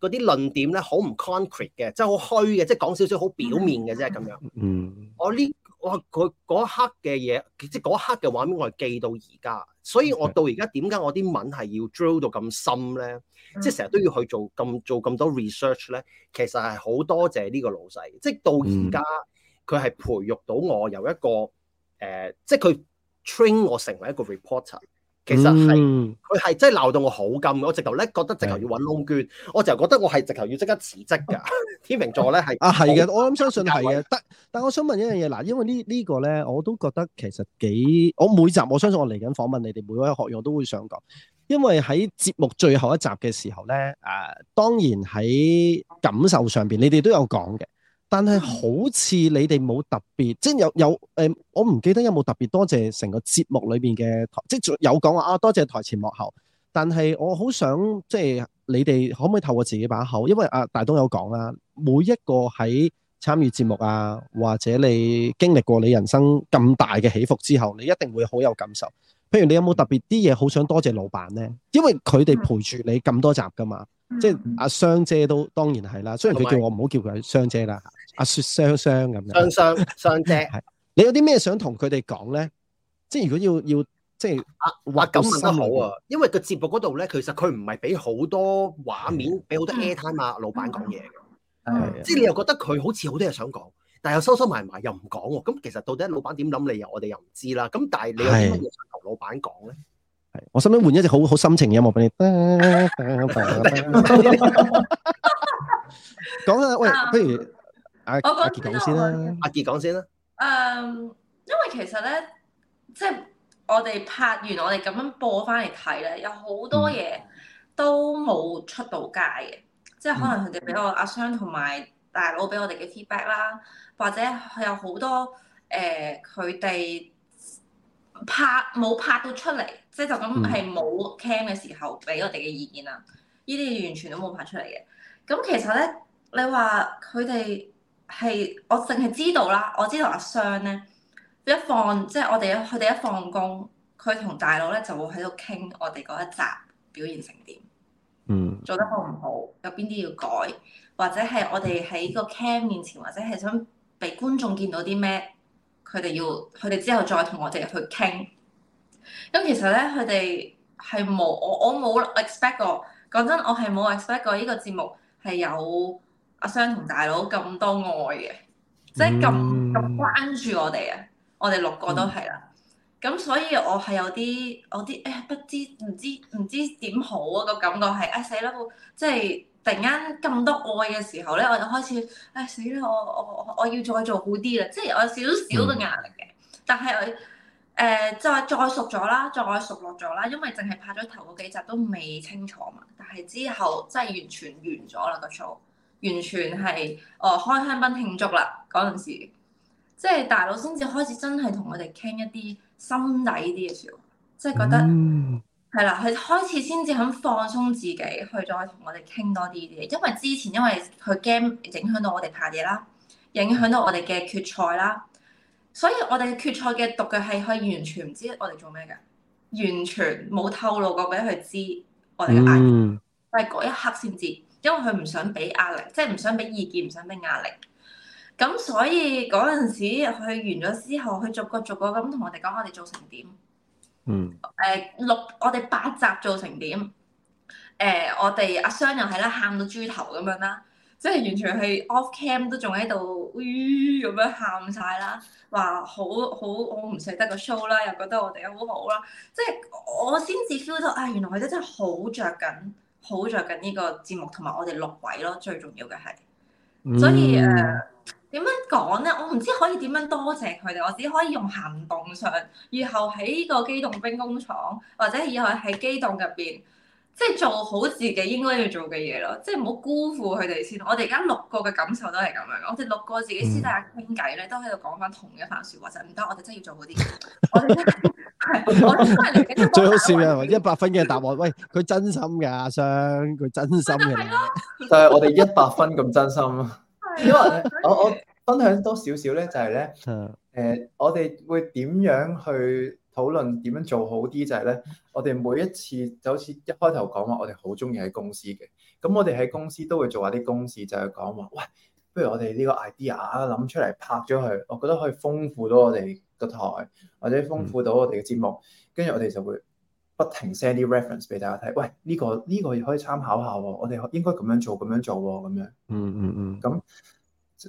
啲啲論點咧，好唔 concrete 嘅，即係好虛嘅，即係講少少好表面嘅啫咁樣。嗯，我呢我佢嗰刻嘅嘢，即係嗰刻嘅畫面，我係記到而家，所以我到而家點解我啲文係要 drill 到咁深咧？嗯、即係成日都要去做咁做咁多 research 咧，其實係好多謝呢個老細，即係到而家佢係培育到我由一個誒、呃，即係佢 train 我成為一個 reporter。其實係，佢係真係鬧到我好金，我直頭咧覺得直頭要揾窿捐，我直頭覺得我係直頭要即刻辭職噶。天秤座咧係啊係嘅，我諗相信係嘅。但但我想問一樣嘢嗱，因為個呢呢個咧，我都覺得其實幾，我每集我相信我嚟緊訪問你哋每位學員都會想講，因為喺節目最後一集嘅時候咧，誒，當然喺感受上邊，你哋都有講嘅。但係好似你哋冇特別，即係有有誒、欸，我唔記得有冇特別多謝成個節目裏邊嘅，即係有講話啊，多謝台前幕後。但係我好想即係你哋可唔可以透過自己把口，因為阿、啊、大東有講啦，每一個喺參與節目啊，或者你經歷過你人生咁大嘅起伏之後，你一定會好有感受。譬如你有冇特別啲嘢好想多謝老闆呢？因為佢哋陪住你咁多集噶嘛，嗯、即係、啊、阿雙姐都當然係啦，雖然佢叫我唔好叫佢雙姐啦。阿雪霜霜咁樣，霜霜霜姐，你有啲咩想同佢哋講咧即係如果要要，即係畫咁問得好啊。因為個節目嗰度咧，其實佢唔係俾好多畫面，俾好多 airtime 啊，老闆講嘢嘅。即係你又覺得佢好似好多嘢想講，但係又收收埋埋，又唔講。咁其實到底老闆點諗你，又我哋又唔知啦。咁但係你有啲乜嘢想同老闆講咧係我先，先換一隻好好心情嘅音樂俾你。講啊喂，不如。我講阿，阿，阿杰講先啦，阿杰講先啦。誒，因為其實咧，即係我哋拍完，我哋咁樣播翻嚟睇咧，有好多嘢都冇出到街嘅，嗯、即係可能佢哋俾我阿雙同埋大佬俾我哋嘅 feedback 啦，或者有好多誒佢哋拍冇拍到出嚟，即係就咁係冇 cam 嘅時候俾我哋嘅意見啦。依啲、嗯、完全都冇拍出嚟嘅。咁其實咧，你話佢哋。係，我淨係知道啦。我知道阿雙咧，佢一放即係、就是、我哋，佢哋一放工，佢同大佬咧就會喺度傾我哋嗰一集表現成點，嗯，做得好唔好，有邊啲要改，或者係我哋喺個 cam 面前，或者係想俾觀眾見到啲咩，佢哋要佢哋之後再同我哋去傾。咁其實咧，佢哋係冇我我冇 expect 過，講真，我係冇 expect 過呢個節目係有。阿雙同大佬咁多愛嘅，即係咁咁關注我哋啊！我哋六個都係啦，咁、mm hmm. 所以我係有啲我啲誒、哎、不知唔知唔知點好啊、那個感覺係誒死啦！即、哎、係、就是、突然間咁多愛嘅時候咧，我就開始誒死啦！我我我要再做好啲啦，即係我有少少嘅壓力嘅。Mm hmm. 但係誒誒再再熟咗啦，再熟落咗啦，因為淨係拍咗頭嗰幾集都未清楚嘛。但係之後真係完全完咗啦、那個數。完全係哦開香檳慶祝啦！嗰陣時，即係大佬先至開始真係同我哋傾一啲心底啲嘅事，即係覺得係啦，佢、mm. 開始先至肯放鬆自己，去再同我哋傾多啲啲嘢。因為之前因為佢驚影響到我哋拍嘢啦，影響到我哋嘅決賽啦，mm. 所以我哋決賽嘅獨腳戲佢完全唔知我哋做咩嘅，完全冇透露過俾佢知我哋嘅壓力。Mm. 但係嗰一刻先知。因為佢唔想俾壓力，即係唔想俾意見，唔想俾壓力。咁所以嗰陣時，佢完咗之後，佢逐個逐個咁同我哋講，我哋做成點？嗯。誒，六，我哋八集做成點？誒、呃，我哋阿商又係啦，喊到豬頭咁樣啦，即係完全係 off cam 都仲喺度咁樣喊晒啦，話好好我唔捨得個 show 啦，又覺得我哋好好啦。即係我先至 feel 到啊、哎，原來佢哋真係好着緊。好着緊呢個節目同埋我哋六位咯，最重要嘅係，所以誒點樣講咧？我唔知可以點樣多謝佢哋，我只可以用行動上，以後喺呢個機動兵工廠或者以後喺機動入邊，即係做好自己應該要做嘅嘢咯，即係唔好辜負佢哋先。我哋而家六個嘅感受都係咁樣，我哋六個自己私底下傾偈咧，mm. 都喺度講翻同一番説話就唔得，我哋真係要做好啲。我哋 最好笑啊！一百分嘅答案，喂，佢真心嘅阿雙，佢真心嘅。但 係我哋一百分咁真心咯。 因為我我分享多少少咧，就係咧，誒，我哋會點樣去討論點樣做好啲？就係、是、咧，我哋每一次就好似一開頭講話，我哋好中意喺公司嘅。咁我哋喺公司都會做下啲公事，就係講話，喂，不如我哋呢個 idea 諗出嚟拍咗佢，我覺得可以豐富到我哋。個台或者豐富到我哋嘅節目，跟住、嗯、我哋就會不停 send 啲 reference 俾大家睇。喂，呢、呢個呢、呢個可以參考下喎，我哋應該咁樣做，咁樣做喎，咁樣。嗯嗯嗯。咁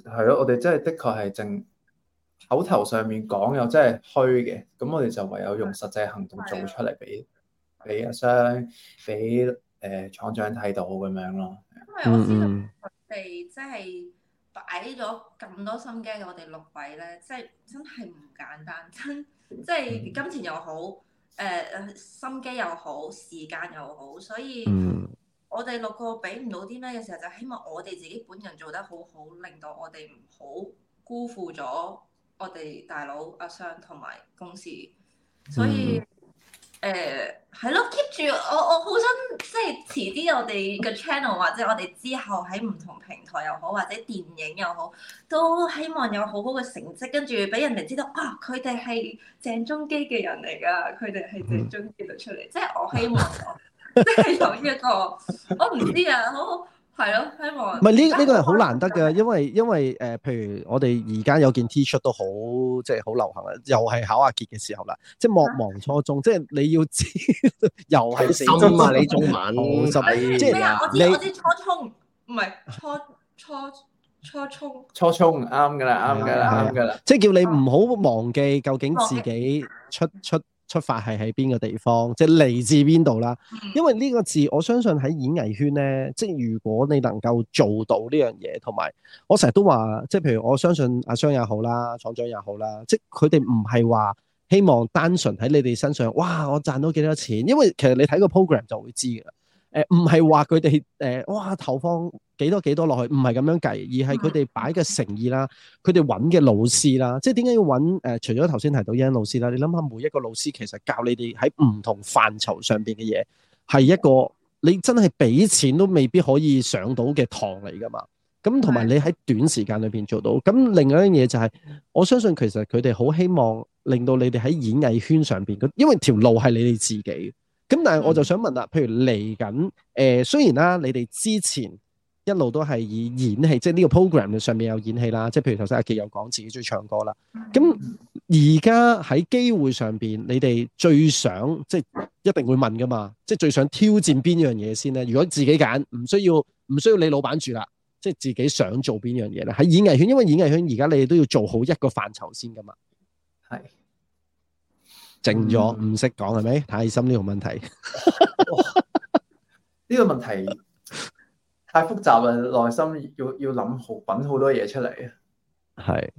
係咯，我哋真係的確係正。口頭上面講又真係虛嘅，咁我哋就唯有用實際行動做出嚟，俾俾阿商，俾誒廠長睇到咁樣咯。嗯嗯、因為我知佢哋即係。擺咗咁多心機嘅我哋六位咧，即係真係唔簡單，真即係金錢又好，誒、呃、心機又好，時間又好，所以我哋六個俾唔到啲咩嘅時候，就希望我哋自己本人做得好好，令到我哋唔好辜負咗我哋大佬阿商同埋公司，所以。嗯誒係咯，keep 住我我好想即係遲啲我哋嘅 channel 或者我哋之後喺唔同平台又好或者電影又好，都希望有好好嘅成績，跟住俾人哋知，啊、 知道啊！佢哋係鄭中基嘅人嚟噶，佢哋係鄭中基度出嚟，即係我希望，即係有一個我唔知啊，好好。係咯，希望唔係呢呢個係好難得嘅，因為因為誒，譬如我哋而家有件 T 恤都好即係好流行啊，又係考阿杰嘅時候啦，即係莫忘初衷。即係你要知，又係死心嘛，你中五，即係你初衷唔係初初初衷，初衷啱㗎啦，啱㗎啦，啱㗎啦，即係叫你唔好忘記究竟自己出出出發係喺邊個地方，即係嚟自邊度啦？因為呢個字，我相信喺演藝圈呢，即係如果你能夠做到呢樣嘢，同埋我成日都話，即係譬如我相信阿商也好啦，廠長也好啦，即佢哋唔係話希望單純喺你哋身上，哇！我賺到幾多錢？因為其實你睇個 program 就會知㗎喇。誒唔係話佢哋誒哇投放幾多幾多落去，唔係咁樣計，而係佢哋擺嘅誠意啦，佢哋揾嘅老師啦，即係點解要揾誒、呃，除咗頭先提到啲老師啦，你諗下每一個老師其實教你哋喺唔同範疇上邊嘅嘢，係一個你真係俾錢都未必可以上到嘅堂嚟㗎嘛？咁同埋你喺短時間裏邊做到，咁另外一樣嘢就係、是、我相信其實佢哋好希望令到你哋喺演藝圈上邊，因為條路係你哋自己。咁但係我就想問啦，譬如嚟緊誒，雖然啦，你哋之前一路都係以演戲，即係呢個 program 上面有演戲啦，即係譬如頭先阿杰有講自己鍾意唱歌啦。咁而家喺機會上邊，你哋最想即係一定會問噶嘛，即係最想挑戰邊樣嘢先咧？如果自己揀，唔需要唔需要你老闆住啦，即係自己想做邊樣嘢咧？喺演藝圈，因為演藝圈而家你哋都要做好一個範疇先噶嘛，係。靜咗唔識講係咪？太深呢個問題，呢、 這個問題太複雜啦，內心要要諗好，品好多嘢出嚟啊。係是，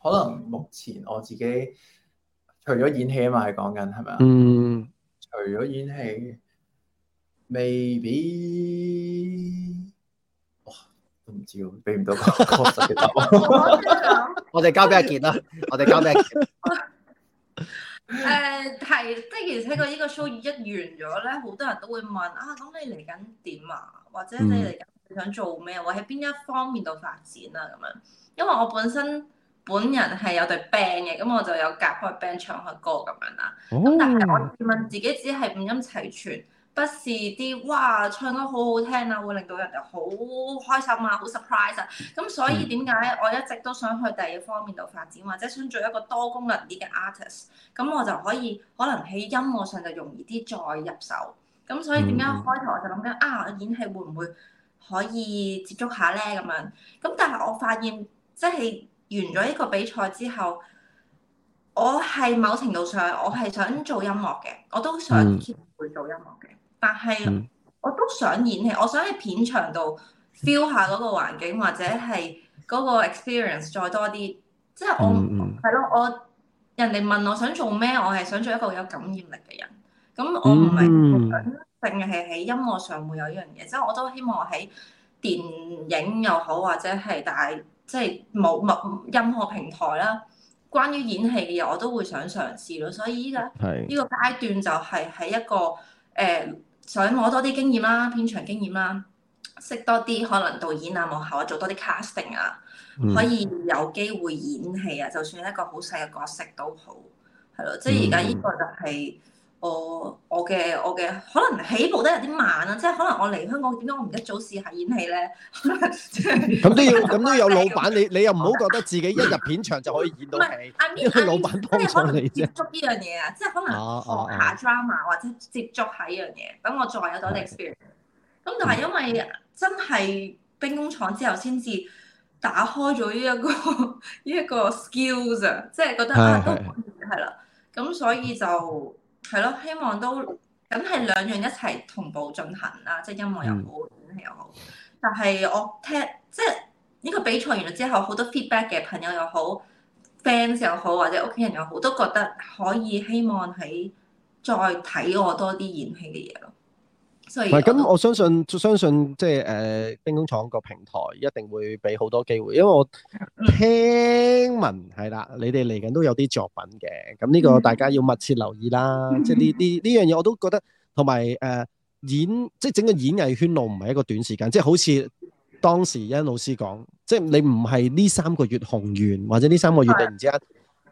可能目前我自己除咗演戲啊嘛，係講緊係咪啊？嗯， 除咗演戲，maybe，哇，唔知喎，俾唔到確實嘅答案。 我哋交俾阿杰啦，我哋交俾阿杰。誒係，即係、嗯 uh, 而且個呢個 show 一完咗咧，好多人都會問啊，咁你嚟緊點啊？或者你嚟緊想做咩？嗯、或喺邊一方面度發展啊？咁樣，因為我本身本人係有隊 band 嘅，咁我就有隔開 band 唱下歌咁樣啦。咁但係我問自己，只係五音齊全。不是啲哇，唱得好好聽啊，會令到人哋好開心啊，好 surprise 啊！咁所以點解我一直都想去第二方面度發展啊，或者想做一個多功能啲嘅 artist？咁我就可以可能喺音樂上就容易啲再入手。咁所以點解開頭我就諗緊啊，演戲會唔會可以接觸下咧？咁樣，咁但係我發現，即係完咗呢個比賽之後，我係某程度上我係想做音樂嘅，我都想 keep 住做音樂嘅。但係我都想演戲，我想喺片場度 feel 下嗰個環境，或者係嗰個 experience 再多啲。即係我係咯、嗯，我人哋問我想做咩，我係想做一個有感染力嘅人。咁我唔係淨係喺音樂上會有呢樣嘢，即係我都希望喺電影又好，或者係大即係任何平台啦。關於演戲嘅嘢，我都會想嘗試咯。所以依家呢個階段就係喺一個誒，呃想攞多啲經驗啦，片場經驗啦，識多啲可能導演啊、幕後啊，做多啲 casting 啊，可以有機會演戲啊，就算一個好細嘅角色都好，係咯，即係而家呢個就係、是。我我嘅我嘅可能起步都有啲慢啦，即係可能我嚟香港點解我唔一早試下演戲咧？咁 都要咁都有老闆，你你又唔好覺得自己一入片場就可以演到戲， I mean, 因為老闆幫助你啫。接觸呢樣嘢啊，即係可能學下 drama 或者接觸下呢樣嘢，等我再有多啲 experience。咁的但係因為真係兵工廠之後先至打開咗呢一個呢一 個 skills，的啊，即係覺得啊都係啦，咁所以就。係咯，希望都咁係兩樣一齊同步進行啦，即係音樂又好，演戲又好。但係我聽，即係呢個比賽完咗之後，好多 feedback 嘅朋友又好，fans 又好，或者屋企人又好，都覺得可以希望喺再睇我多啲演戲嘅嘢咯。唔咁我，我相信，相信即係誒，兵工廠個平台一定會俾好多機會，因為我聽聞係啦，你哋嚟緊都有啲作品嘅，咁、這、呢個大家要密切留意啦。嗯、即係呢啲呢樣嘢我都覺得，同埋誒演，即係整個演藝圈路唔係一個短時間，即係好似當時欣老師講，即係你唔係呢三個月紅完，或者呢三個月突然之間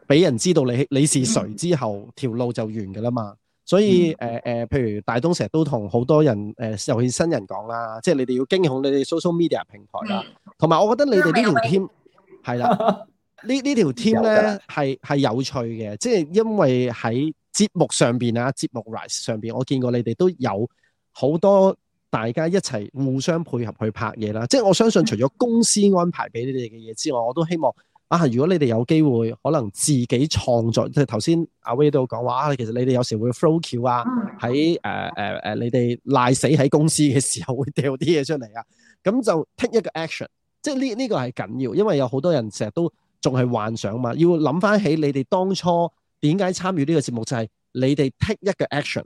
俾人知道你你是誰之後，條路、嗯、就完嘅啦嘛。所以誒誒、呃，譬如大東成日都同好多人誒，尤、呃、其新人講啦，即係你哋要驚恐你哋 social media 平台啦。同埋，我覺得你哋 呢條 team 係啦，呢呢條 team 咧係係有趣嘅，即係因為喺節目上邊啊，節目 rise 上邊，我見過你哋都有好多大家一齊互相配合去拍嘢啦。 即係我相信，除咗公司安排俾你哋嘅嘢之外，我都希望。啊！如果你哋有機會，可能自己創作，即係頭先阿威都講話，其實你哋有時會 flow 橋啊，喺誒誒誒，你哋賴死喺公司嘅時候會掉啲嘢出嚟啊，咁就 take 一個 action，即係呢呢個係緊要，因為有好多人成日都仲係幻想嘛，要諗翻起你哋當初點解參與呢個節目，就係、是、你哋 take 一個 action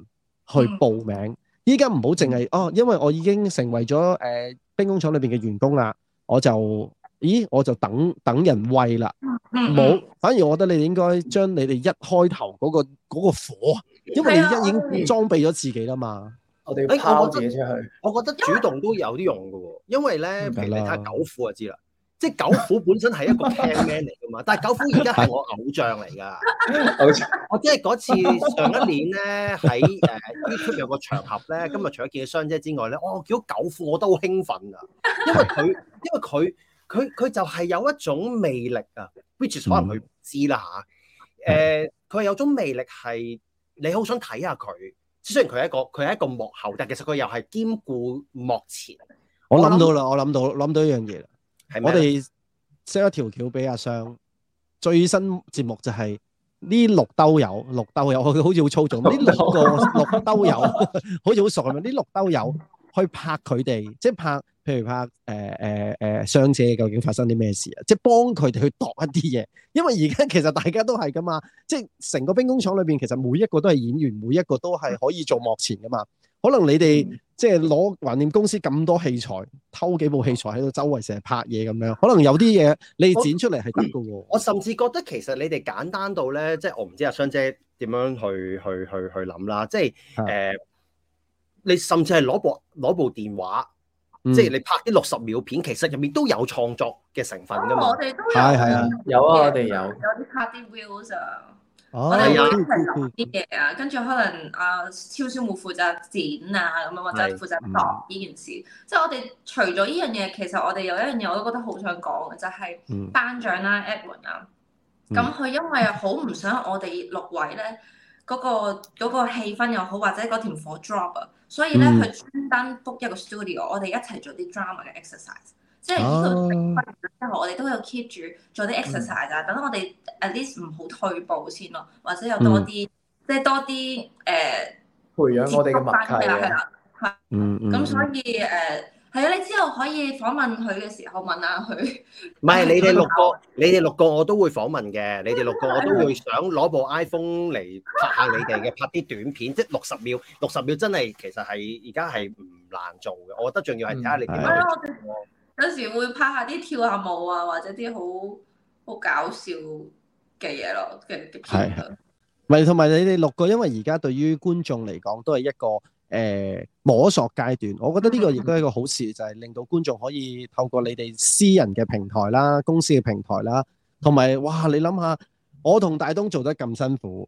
去報名，依家唔好淨係哦，因為我已經成為咗誒兵工廠裏邊嘅員工啦，我就。咦，我就等等人喂啦，冇、嗯嗯，反而我覺得你哋應該將你哋一開頭嗰、嗰個嗰、嗰個火，因為你而家已經裝備咗自己啦嘛，我哋拋自己出去，我覺得主動都有啲用嘅喎，因為咧，譬如你睇下九虎就知啦，即係九虎本身係一個 c a man 嚟嘅嘛，但係九虎而家係我偶像嚟㗎， 我即係嗰次上一年咧喺誒 YouTube 有個場合咧，今日除咗見到雙姐之外咧，我、哦、見到九虎我都好興奮㗎，因為佢 因為佢。佢佢就係有一種魅力啊 which is 可能佢唔知啦嚇。誒、呃，佢有種魅力係你好想睇下佢。雖然佢係一個佢係一個幕後，但其實佢又係兼顧幕前。我諗到啦想，我諗到諗到一樣嘢啦。我哋 set 一條橋俾阿相。最新節目就係、是、呢六兜友，六兜友佢好似好粗糙。」呢 六個六兜友好似好熟咁，呢六兜友。去拍佢哋，即係拍，譬如拍，誒誒誒，雙姐究竟發生啲咩事啊？即係幫佢哋去度一啲嘢，因為而家其實大家都係噶嘛，即係成個兵工廠裏邊，其實每一個都係演員，每一個都係可以做幕前噶嘛。可能你哋即係攞橫掂公司咁多器材，偷幾部器材喺度周圍成日拍嘢咁樣，可能有啲嘢你剪出嚟係得噶喎。我甚至覺得其實你哋簡單到咧，即係我唔知阿雙姐點樣去去去去諗啦，即係誒。你甚至係攞部攞部電話，即係你拍啲六十秒片，其實入面都有創作嘅成分㗎嘛。係係啊，有啊，我哋有。有啲拍啲 reels 啊，我哋會一齊錄啲嘢啊。跟住可能啊，超少冇負責剪啊，咁啊，或者係負責錄呢件事。即係我哋除咗呢樣嘢，其實我哋有一樣嘢我都覺得好想講嘅，就係班長啦 Edwin 啊。咁佢因為好唔想我哋六位咧，嗰個嗰個氣氛又好，或者嗰條火 drop 啊。所以呢，佢專登 book 一個 studio，我哋一齊做啲 drama 嘅 exercise。即係呢個情況之下，我哋都有 keep 住做啲 exercise 啊。等我哋、嗯、at least 唔好退步先咯，或者有多啲，即係、嗯、多啲誒、呃、培養我哋嘅默契啦。嗯嗯。咁所以誒。係啊，你之後可以訪問佢嘅時候問下佢。唔係你哋六個，你哋六個我都會訪問嘅。你哋六個我都會想攞部 iPhone 嚟拍下你哋嘅，拍啲短片，即係六十秒，六十秒真係其實係而家係唔難做嘅。我覺得仲要係睇下你點樣去做。有時會拍下啲跳下舞啊，或者啲好好搞笑嘅嘢咯，嘅嘅片。係係。唔係同埋你哋六個，因為而家對於觀眾嚟講都係一個。誒、呃、摸索階段，我覺得呢個亦都係一個好事，就係、是、令到觀眾可以透過你哋私人嘅平台啦、公司嘅平台啦，同埋哇，你諗下，我同大東做得咁辛苦。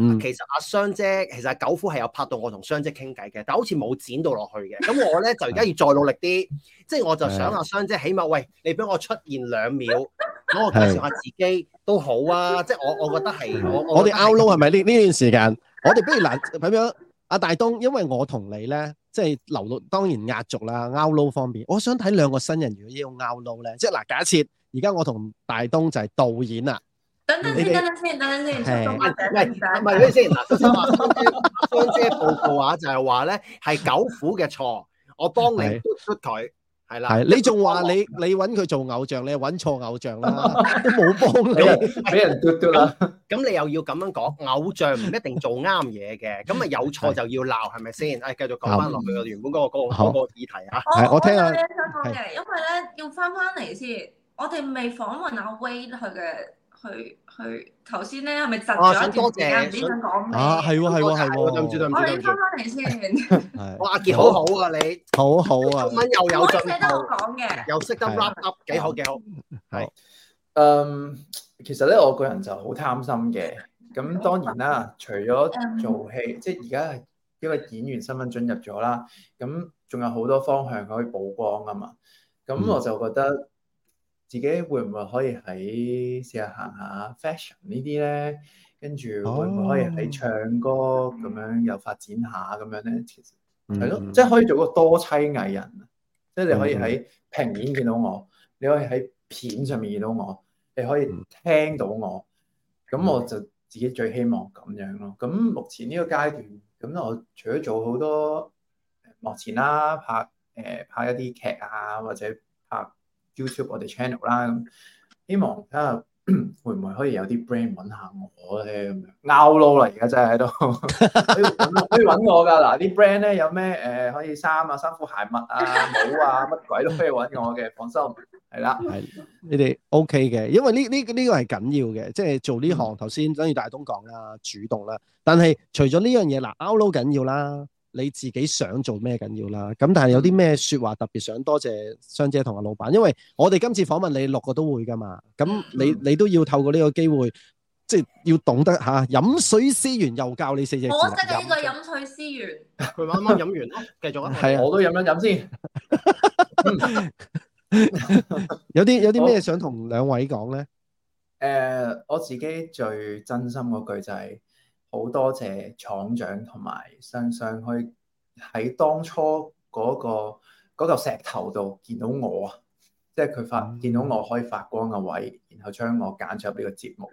嗯，其實阿雙姐其實阿九夫係有拍到我同雙姐傾偈嘅，但好似冇剪到落去嘅。咁我咧就而家要再努力啲，的即係我就想阿雙姐起碼，喂，你俾我出現兩秒，咁的我介紹下自己都好啊。即係我我覺得係的我得我哋 out low 係咪呢呢段時間？我哋不如嗱咁樣，阿、啊、大東，因為我同你咧，即係流露當然壓軸啦 out low 方面，我想睇兩個新人如果要 out low 咧，即係嗱，假設而家我同大東就係導演啦。等等先，等等先，等等先。唔係唔係嗰啲先。嗱，首先阿張姐張姐報告下，就係話咧係狗虎嘅錯，我幫你出佢係啦。係的你仲話你你揾佢做偶像，你係揾錯偶像啦，都冇幫你俾人嘟嘟 do 啦。咁你又要咁樣講偶像唔一定做啱嘢嘅，咁啊有錯就要鬧，係咪先？哎，繼續講翻落去我原本嗰個嗰個嗰個議題啊。係好我聽嘅，因為咧要翻翻嚟先，我哋未訪問阿 Wade 佢嘅。去去，頭先咧係咪窒咗一段時間？唔知想講咩？啊係喎係喎係喎，對唔住對唔住。我哋翻返嚟先。係。阿杰好好啊你，好好啊。中文又有準，寫得好講嘅，又識得 wrap up，幾好幾好。係。嗯，其實咧我個人就好貪心嘅，咁當然啦，除咗做戲，即係而家係因為演員身份進入咗啦，咁仲有好多方向可以曝光啊嘛。咁我就覺得。自己會唔會可以喺試下行下 fashion 呢啲咧？跟住會唔會可以喺唱歌咁樣又發展下咁樣咧？其實係咯，即係可以做個多棲藝人，即係你可以喺平面見到我，你可以喺片上面見到我，你可以聽到我，咁我就自己最希望咁樣咯。咁目前呢個階段，咁我除咗做好多幕前啦、啊，拍誒、呃、拍一啲劇啊，或者～YouTube 我哋 channel 啦，咁希望睇下會唔會可以有啲 brand 揾下我咧，咁樣 outload 啦，而家真係喺度可以可以揾我㗎嗱，啲 brand 咧，有咩誒可以衫啊、衫褲鞋襪啊、帽啊、乜鬼都可以揾我嘅，放心係啦，你哋 OK 嘅，因為呢呢呢個係緊要嘅，即係做呢行頭先，等於大東講啦，主動啦，但係除咗呢樣嘢嗱 outload 緊要啦。你自己想做咩緊要啦，咁但係有啲咩說話特別想多謝商姐同阿老闆，因為我哋今次訪問你六個都會噶嘛，咁你你都要透過呢個機會，即係要懂得吓飲水思源，又教你四隻字。我識嘅呢個飲水思源。佢啱啱飲完咯，繼續 啊。係我都飲一飲先。 有啲有啲咩想同兩位講咧？誒、呃，我自己最真心嗰句就係、是。好多謝廠長同埋雙雙可以喺當初嗰、嗰嚿石頭度見到我啊，即係佢發見到我可以發光嘅位，然後將我揀咗入呢個節目。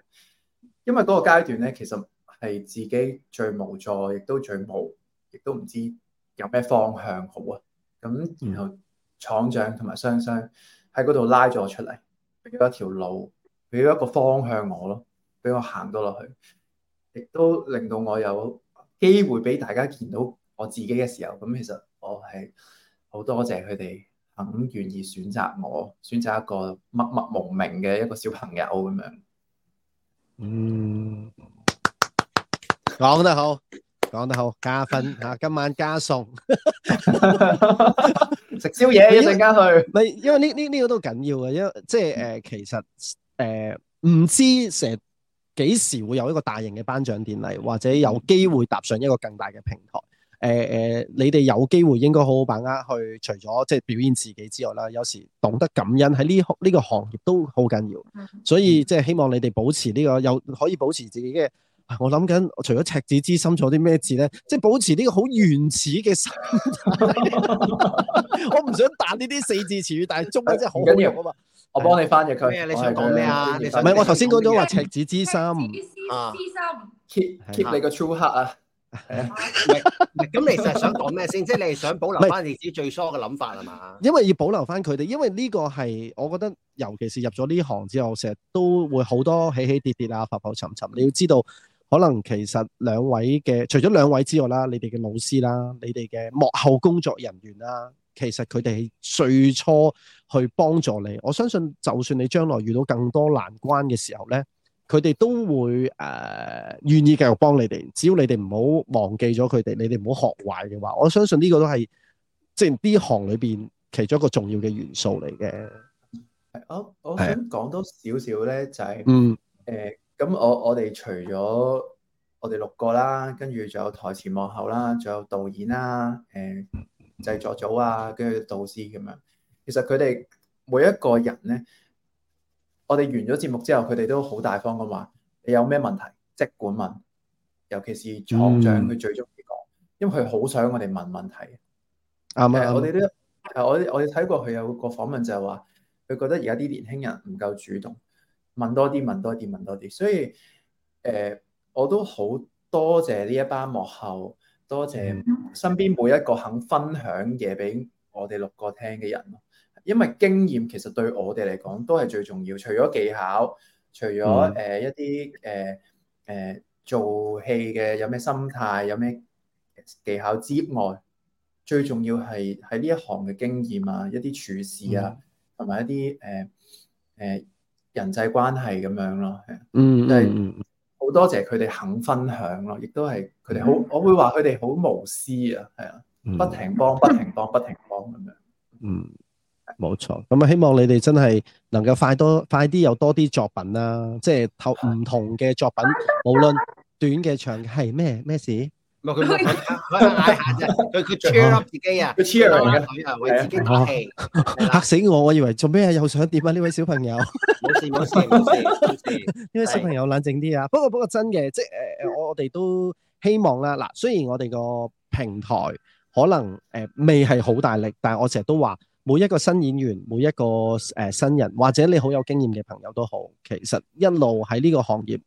因為嗰個階段咧，其實係自己最無助，亦都最無，亦都唔知有咩方向好啊。咁然後廠長同埋雙雙喺嗰度拉咗我出嚟，俾咗一條路，俾咗一個方向我咯，俾我行到落去。亦都令到我有機會俾大家見到我自己嘅時候，咁其實我係好多謝佢哋肯願意選擇我，選擇一個默默無名嘅一個小朋友咁樣。嗯，講得好，講得好，加分嚇、啊！今晚加餸，食 宵夜一陣間去。唔係，因為呢呢呢個都緊要嘅，因為，這個、因為即係誒、呃，其實誒唔、呃、知成。幾時會有一個大型嘅頒獎典禮，或者有機會踏上一個更大嘅平台？誒、呃、誒、呃，你哋有機會應該好好把握去，除咗即係表現自己之外啦，有時懂得感恩喺呢呢個行業、這個、都好緊要。所以即係、就是、希望你哋保持呢、這個有可以保持自己嘅。我諗緊，除咗赤子之心，仲有啲咩字咧？即係保持呢個好原始嘅心態。我唔想彈呢啲四字詞語，但係中文真係好好用啊嘛！我幫你翻譯佢。你想講咩啊？唔係，我頭先講咗話赤子之心啊！赤子之心！keep keep 你個 true heart 啊！咁你實係想講咩先？即係你想保留翻你自己最初嘅諗法啊嘛？因為要保留翻佢哋，因為呢個係我覺得，尤其是入咗呢行之後，成日都會好多起起跌跌啊、浮浮沉沉。你要知道，可能其實兩位嘅，除咗兩位之外啦，你哋嘅老師啦，你哋嘅幕後工作人員啦。其實佢哋係最初去幫助你，我相信就算你將來遇到更多難關嘅時候咧，佢哋都會誒呃、願意繼續幫你哋。只要你哋唔好忘記咗佢哋，你哋唔好學壞嘅話，我相信呢個都係即係呢行裏邊其中一個重要嘅元素嚟嘅。我想我想講多少少咧，就係誒咁。我我哋除咗我哋六個啦，跟住仲有台前幕後啦，仲有導演啦，誒、呃。製作組啊，跟住導師咁樣，其實佢哋每一個人呢，我哋完咗節目之後，佢哋都好大方咁話：你有咩問題即管問。尤其是廠長，佢最中意講，因為佢好想我哋問問題。啱啊！我哋都，我我哋睇過佢有個訪問就係話，佢覺得而家啲年輕人唔夠主動，問多啲，問多啲，問多啲。所以，誒、呃，我都好多謝呢一班幕後。多謝身邊每一個肯分享嘢俾我哋六個聽嘅人，因為經驗其實對我哋嚟講都係最重要。除咗技巧，除咗誒、嗯呃、一啲誒誒做戲嘅有咩心態、有咩技巧之外，最重要係喺呢一行嘅經驗啊、一啲處事啊，同埋、嗯、一啲誒誒人際關係咁樣咯。嗯嗯嗯。好多謝佢哋肯分享咯，亦都係佢哋好，mm hmm. 我會話佢哋好無私啊，係啊，不停幫、不停幫、不停幫咁樣。Mm hmm. 係啊。嗯，冇錯。咁啊，希望你哋真係能夠快多快啲有多啲作品啦、啊，即係投唔同嘅作品，mm hmm. 無論短嘅長嘅，係咩咩事。佢可佢 cheer up 自己啊，佢 cheer up 嘅佢啊，為自己鼓氣 嚇死我！我以為做咩啊？又想點啊？呢位小朋友冇 事冇事冇事，呢 位小朋友冷靜啲啊 不！不過不過真嘅，即係誒、呃、我我哋都希望啦。嗱，雖然我哋個平台可能誒、呃、未係好大力，但係我成日都話每一個新演員、每一個誒新人，或者你好有經驗嘅朋友都好，其實一路喺呢個行業。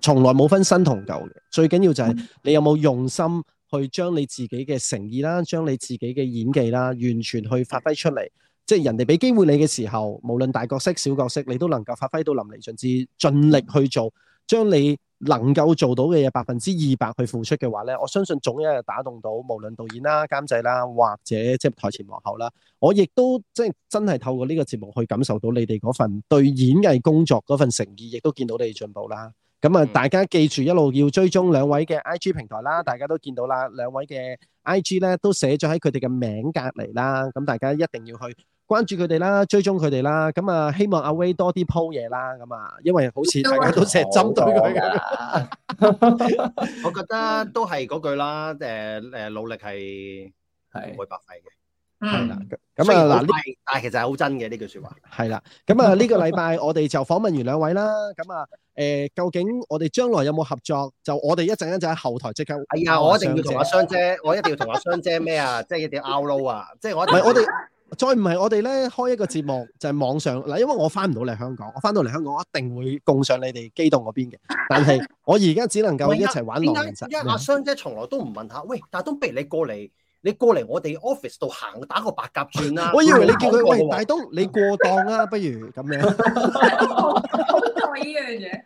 從來冇分新同舊嘅，最緊要就係你有冇用心去將你自己嘅誠意啦，將你自己嘅演技啦，完全去發揮出嚟。即係人哋俾機會你嘅時候，無論大角色、小角色，你都能夠發揮到淋漓盡致，盡力去做，將你能夠做到嘅嘢百分之二百去付出嘅話咧，我相信總有一日打動到無論導演啦、監製啦，或者即係台前幕後啦。我亦都即係真係透過呢個節目去感受到你哋嗰份對演藝工作嗰份誠意，亦都見到你哋進步啦。咁啊，大家記住一路要追蹤兩位嘅 IG 平台啦，大家都見到啦，兩位嘅 IG 咧都寫咗喺佢哋嘅名隔籬啦，咁大家一定要去關注佢哋啦，追蹤佢哋啦，咁啊，希望阿 Wade 多啲 po 嘢啦，咁啊，因為好似大家都成日針對佢嘅，我覺得都係嗰句啦，誒誒，努力係係唔會白費嘅。係啦，咁啊嗱呢，嗯、但係其實係好真嘅呢句說話。係啦，咁啊呢個禮拜我哋就訪問完兩位啦，咁啊，誒、呃、究竟我哋將來有冇合作？就我哋一陣間就喺後台即刻哎呦。哎啊，我一定要同阿雙姐，我一定要同阿雙姐咩啊？即係一定要拗 low 啊！即係我唔係我哋，再唔係我哋咧開一個節目就係網上嗱，因為我翻唔到嚟香港，我翻到嚟香港我一定會供上你哋機動嗰邊嘅。但係我而家只能夠一齊玩狼人殺。因為阿雙姐從來都唔問下喂？但係都不如你過嚟。你過嚟我哋 office 度行打個白鴿轉啦！我以為你叫佢喂，大東你過檔啦，啊，不如咁樣。我做依樣嘢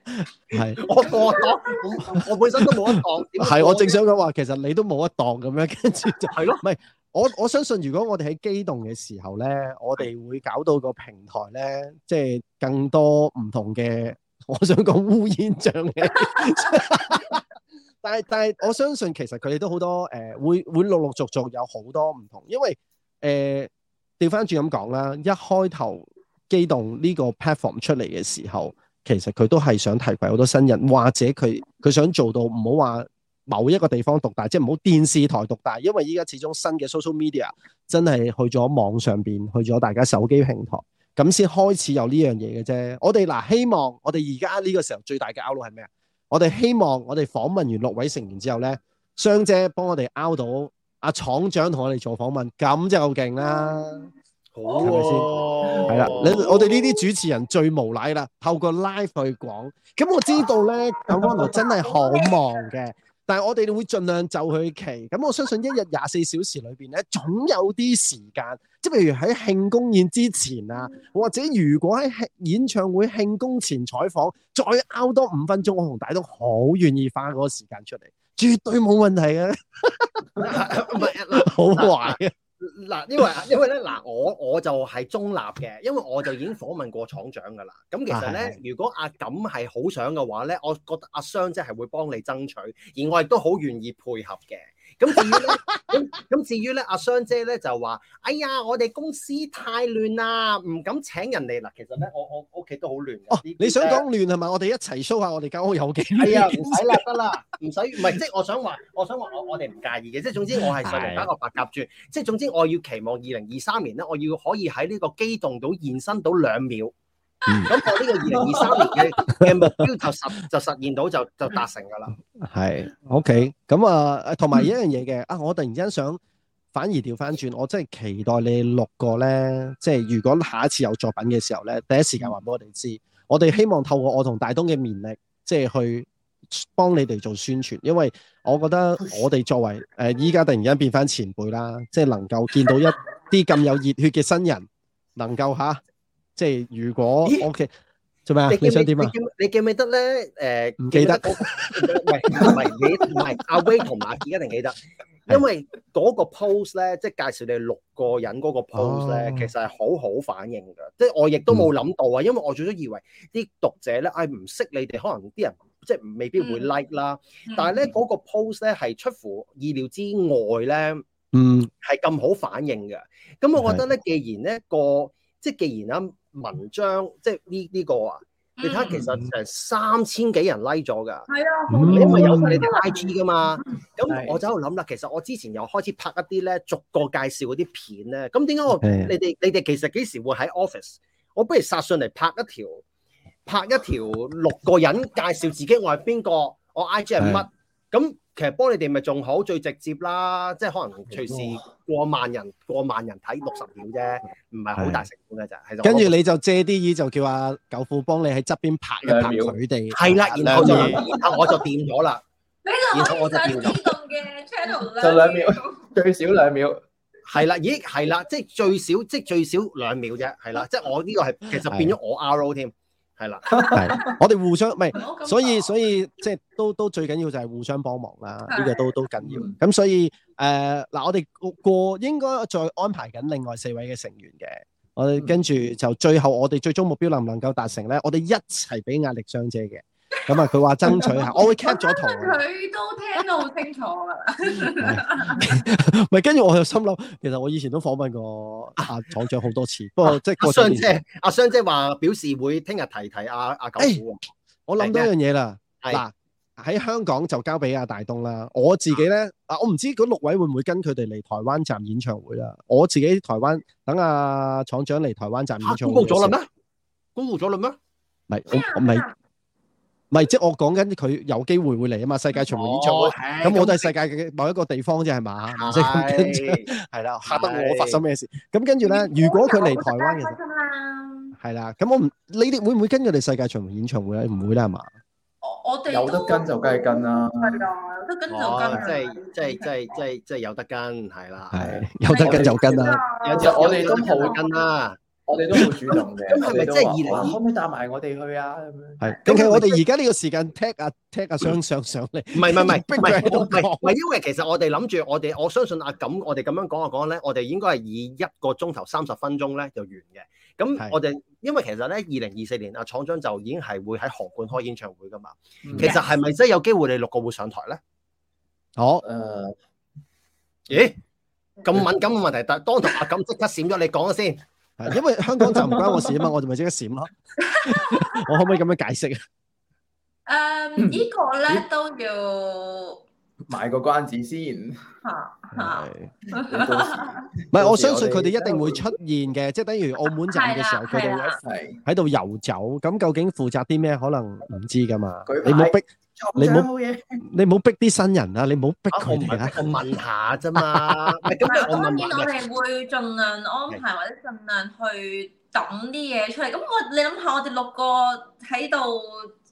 係我過檔， 我本身都冇一檔。係我正想講話，其實你都冇一檔咁樣，跟住就係 咯。唔係我我相信，如果我哋喺機動嘅時候咧， 我哋會搞到個平台咧，即係更多唔同嘅。我想講烏煙瘴氣。 但係但係，我相信其實佢哋都好多誒、呃，會會陸陸續續有好多唔同，因為誒掉返轉咁講啦，一開頭機動呢個 platform 出嚟嘅時候，其實佢都係想提攜好多新人，或者佢佢想做到唔好話某一個地方獨大，即係唔好電視台獨大，因為依家始終新嘅 social media 真係去咗網上邊，去咗大家手機平台，咁先開始有呢樣嘢嘅啫。我哋嗱、呃，希望我哋而家呢個時候最大嘅 outlook 係咩啊？我哋希望我哋訪問完六位成員之後咧，雙姐幫我哋 out 到阿、啊、廠長同我哋做訪問，咁就好勁啦，好、哦哦哦哦！係咪先？係啦，你我哋呢啲主持人最無賴啦，透過 live 去講，咁我知道咧，阿溫羅真係好忙嘅。但係我哋會盡量就佢期，咁我相信一日廿四小時裏邊咧，總有啲時間，即係譬如喺慶功宴之前啊，或者如果喺演唱會慶功前採訪，再拗多五分鐘，我同大家都好願意花嗰個時間出嚟，絕對冇問題嘅，唔 係，好壞啊！嗱，因為啊，因為咧，嗱，我我就係中立嘅，因為我就已經訪問過廠長㗎喇。咁其實咧，如果阿錦係好想嘅話咧，我覺得阿雙姐係會幫你爭取，而我亦都好願意配合嘅。咁 至於咧，咁至於咧，阿雙姐咧就話，哎呀，我哋公司太亂啦，唔敢請人嚟啦。其實咧，我我屋企都好亂。哦，你想講亂係咪？呃、我哋一齊 show 下我哋間屋有幾、哎？係啊，唔使啦，得啦，唔使，唔係即係我想話，我想話，我我哋唔介意嘅。即係總之我，我係在人家個白甲住。即係總之，我要期望二零二三年咧，我要可以喺呢個機動度現身到兩秒。咁我呢個二零二三年嘅嘅目標就實就實現到就就達成噶啦係 ，OK、嗯。咁啊，誒，同埋一樣嘢嘅，啊，我突然之間想反而調翻轉，我真係期待你六個咧，即係如果下一次有作品嘅時候咧，第一時間話俾我哋知。我哋希望透過我同大東嘅勉力，即係去幫你哋做宣傳，因為我覺得我哋作為誒依家突然間變翻前輩啦，即係能夠見到一啲咁有熱血嘅新人，能夠吓。即係如果 O.K. 做咩啊？你想點啊？你記唔記得咧？誒，唔記得，唔係你，唔係阿威同阿杰一定記得，因為嗰個 post 咧，即係介紹你六個人嗰個 post 咧，其實係好好反應噶。即係我亦都冇諗到啊，因為我最初以為啲讀者咧，哎唔識你哋，可能啲人即係未必會 like 啦。但係咧，嗰個 post 咧係出乎意料之外咧，嗯，係咁好反應嘅。咁我覺得咧，既然咧個即係既然啊。文章即係呢呢個啊，嗯、你睇下，其實成三千幾人 like 咗㗎，係啊、嗯，因為有你哋 IG 㗎嘛。咁、嗯、我就喺度諗啦，係啊、其實我之前又開始拍一啲咧逐個介紹嗰啲片咧。咁點解我係啊、你哋你哋其實幾時會喺 office？我不如殺上嚟拍一條，拍一條六個人介紹自己，我，我係邊個，我 IG 係乜？咁其實幫你哋咪仲好，最直接啦，即係可能隨時過萬人過萬人睇六十秒啫，唔係好大成本嘅啫。跟住的你就借啲椅，就叫阿舅父幫你喺側邊拍一拍佢哋。係啦秒秒，然後就 然後我就掂咗啦，然後我就掂咗。 就兩秒，最少兩秒。係啦， 咦係啦，即係最少即係最少兩秒啫，係啦，即、就、係、是、我呢個係其實變咗我 RO 添的。 係啦，係， 我哋互相唔係， 所以所以即係都都最緊要就係互相幫忙啦，呢個都都緊要。咁所以誒，嗱，我哋過應該再安排緊另外四位嘅成員嘅，我哋跟住 就最後我哋最終目標能唔能夠達成咧？我哋一齊俾壓力雙姐嘅。咁啊，佢話爭取下，我會 cut 咗圖。佢都聽到好清楚啊！咪跟住我又心諗，其實我以前都訪問過阿、啊、廠長好多次，不過即係阿雙姐，阿雙、啊、姐話表示會聽日提提阿、啊、阿、啊、九虎、欸。我諗到一樣嘢啦，嗱喺香港就交俾阿大東啦。我自己咧，啊我唔知嗰六位會唔會跟佢哋嚟台灣站演唱會啦。我自己台灣等阿、啊、廠長嚟台灣站演唱會、啊。公布咗啦咩？公布咗啦咩？唔係我唔係。麼不唔係，即係我講緊佢有機會會嚟啊嘛！世界巡迴演唱會，咁我都係世界嘅某一個地方啫，係嘛？唔識咁跟住，係啦，嚇得我發生咩事？咁跟住咧，如果佢嚟台灣嘅時候，係啦。咁我唔，你哋會唔會跟佢哋世界巡迴演唱會咧？唔會啦，係嘛？我我哋有得跟就梗係跟啦。係啊，有得跟就跟。哇！即係即係即係即係即係有得跟係啦。係有得跟就跟啦。有時我哋都好跟啦。我哋都會主動嘅，咁係咪即係二零？ 可唔可以帶埋我哋去啊？係，咁其實我哋而家呢個時間 take 啊，take 啊， 上上上嚟，唔係唔係唔係，唔係因為其實我哋諗住我哋，我相信阿錦，我哋咁樣講啊講咧，我哋應該係以一個鐘頭三十分鐘咧就完嘅。咁我哋是因為其實咧，二零二四年阿廠長就已經係會喺紅館開演唱會噶嘛。其實係咪真係有機會你六個會上台咧？好誒、哦，咦、呃？咁敏感嘅問題，但當堂阿錦即刻閃咗你講先說。係，因為香港就唔關我事啊嘛，我就咪即刻閃咯。我可唔可以咁樣解釋啊？誒，呢個咧都要賣個關子先。係，唔好過時。唔係，我相信佢哋一定會出現嘅，即係等於澳門站嘅時候，佢哋一齊喺度游走。咁究竟負責啲咩？可能唔知噶嘛。你冇逼。你冇嘢，害你唔好逼啲新人啊！你唔好逼佢哋啊！我問下啫嘛。咁當然我哋會盡量安排，或者盡量去揼啲嘢出嚟。咁我你諗下，我哋六個喺度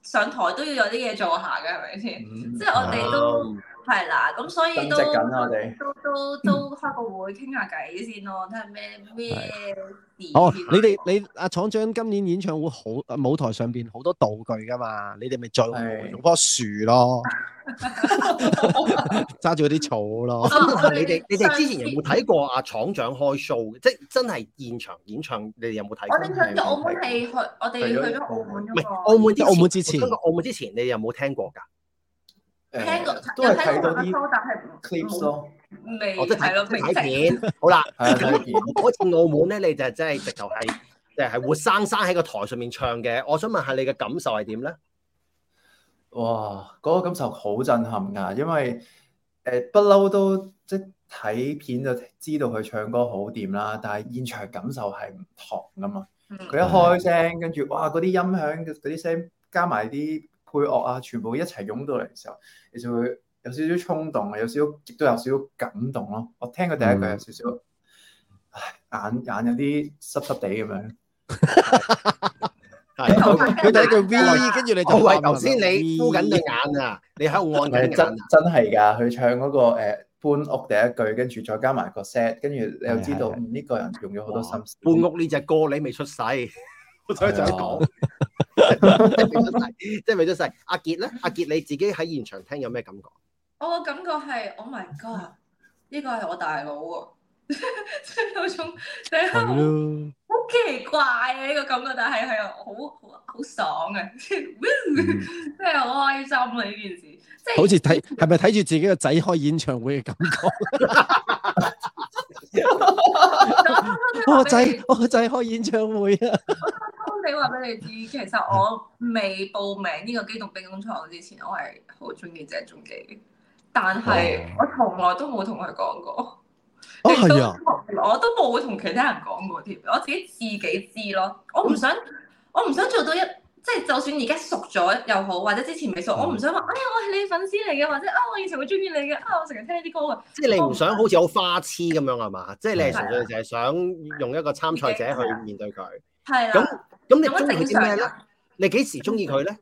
上台都要有啲嘢做下嘅，係咪先？嗯、即係我哋都。啊係啦，咁、嗯、所以都我哋都都都開個會傾下偈先咯，睇下咩咩事。哦，你哋你阿廠、啊、長今年演唱會好舞台上邊好多道具噶嘛？你哋咪再換棵樹咯，揸住啲草咯。啊、 你哋你哋之前有冇睇過阿、啊、廠長開 show？即係真係現場演唱，你哋有冇睇過？我哋去我哋去咗澳門。唔係的澳門啲、那個、澳門之前，澳門之前，前你有冇聽過噶？聽過都係睇到啲 clips 咯，未、哦？即係睇到片。好啦，睇片。嗰次澳門咧，你就真係直頭係，即係係活生生喺個台上面唱嘅。我想問下你嘅感受係點咧？哇！嗰、嗰個感受好震撼㗎，因為誒不嬲都即係睇片就知道佢唱歌好掂啦。但係現場感受係唔同㗎嘛。佢、嗯、一開聲，跟住哇嗰啲音響嘅嗰啲聲，加埋啲。配樂啊，全部一齊湧到嚟嘅時候，你就會有少少衝動，有少，少，亦都有少少感動咯。我聽佢第一句有少少眼眼有啲濕濕地咁樣。係佢 第一句 V，跟住 你就，喂，話頭先你哭緊對眼啊，你喺我眼。真真係噶，佢唱嗰個誒搬屋第一句，跟住再加埋個 set，跟住你又知道呢個人用咗好多心思。搬屋呢隻歌你未出世，我再講。 即係未咗晒，阿杰咧，阿杰你自己喺現場聽有咩感覺？我感覺係，Oh my God！呢個係我大佬喎。即係有種好 奇怪嘅呢個感覺，但係係好好好爽啊！ 即係好開心啊！呢件事即係好似睇係咪睇住自己個仔開演唱會嘅感覺？ 我個仔我個仔開演唱會啊 我！我偷偷地話俾你知，其實我未報名呢個機動兵工廠之前，我係好中意鄭中基嘅，但係我從來都冇同佢講過。係啊，我都冇會同其他人講過添，我自己自己知咯。我唔想，我唔想做到一，即係就算而家熟咗又好，或者之前未熟，我唔想話，哎呀，我係你粉絲嚟嘅，或者啊，我以前會中意你嘅，啊，我成日聽你啲歌啊。即係你唔想好似好花痴咁樣係嘛？即係你係純粹就係想用一個參賽者去面對佢。係。咁咁，你中意佢啲咩咧？你幾時中意佢咧？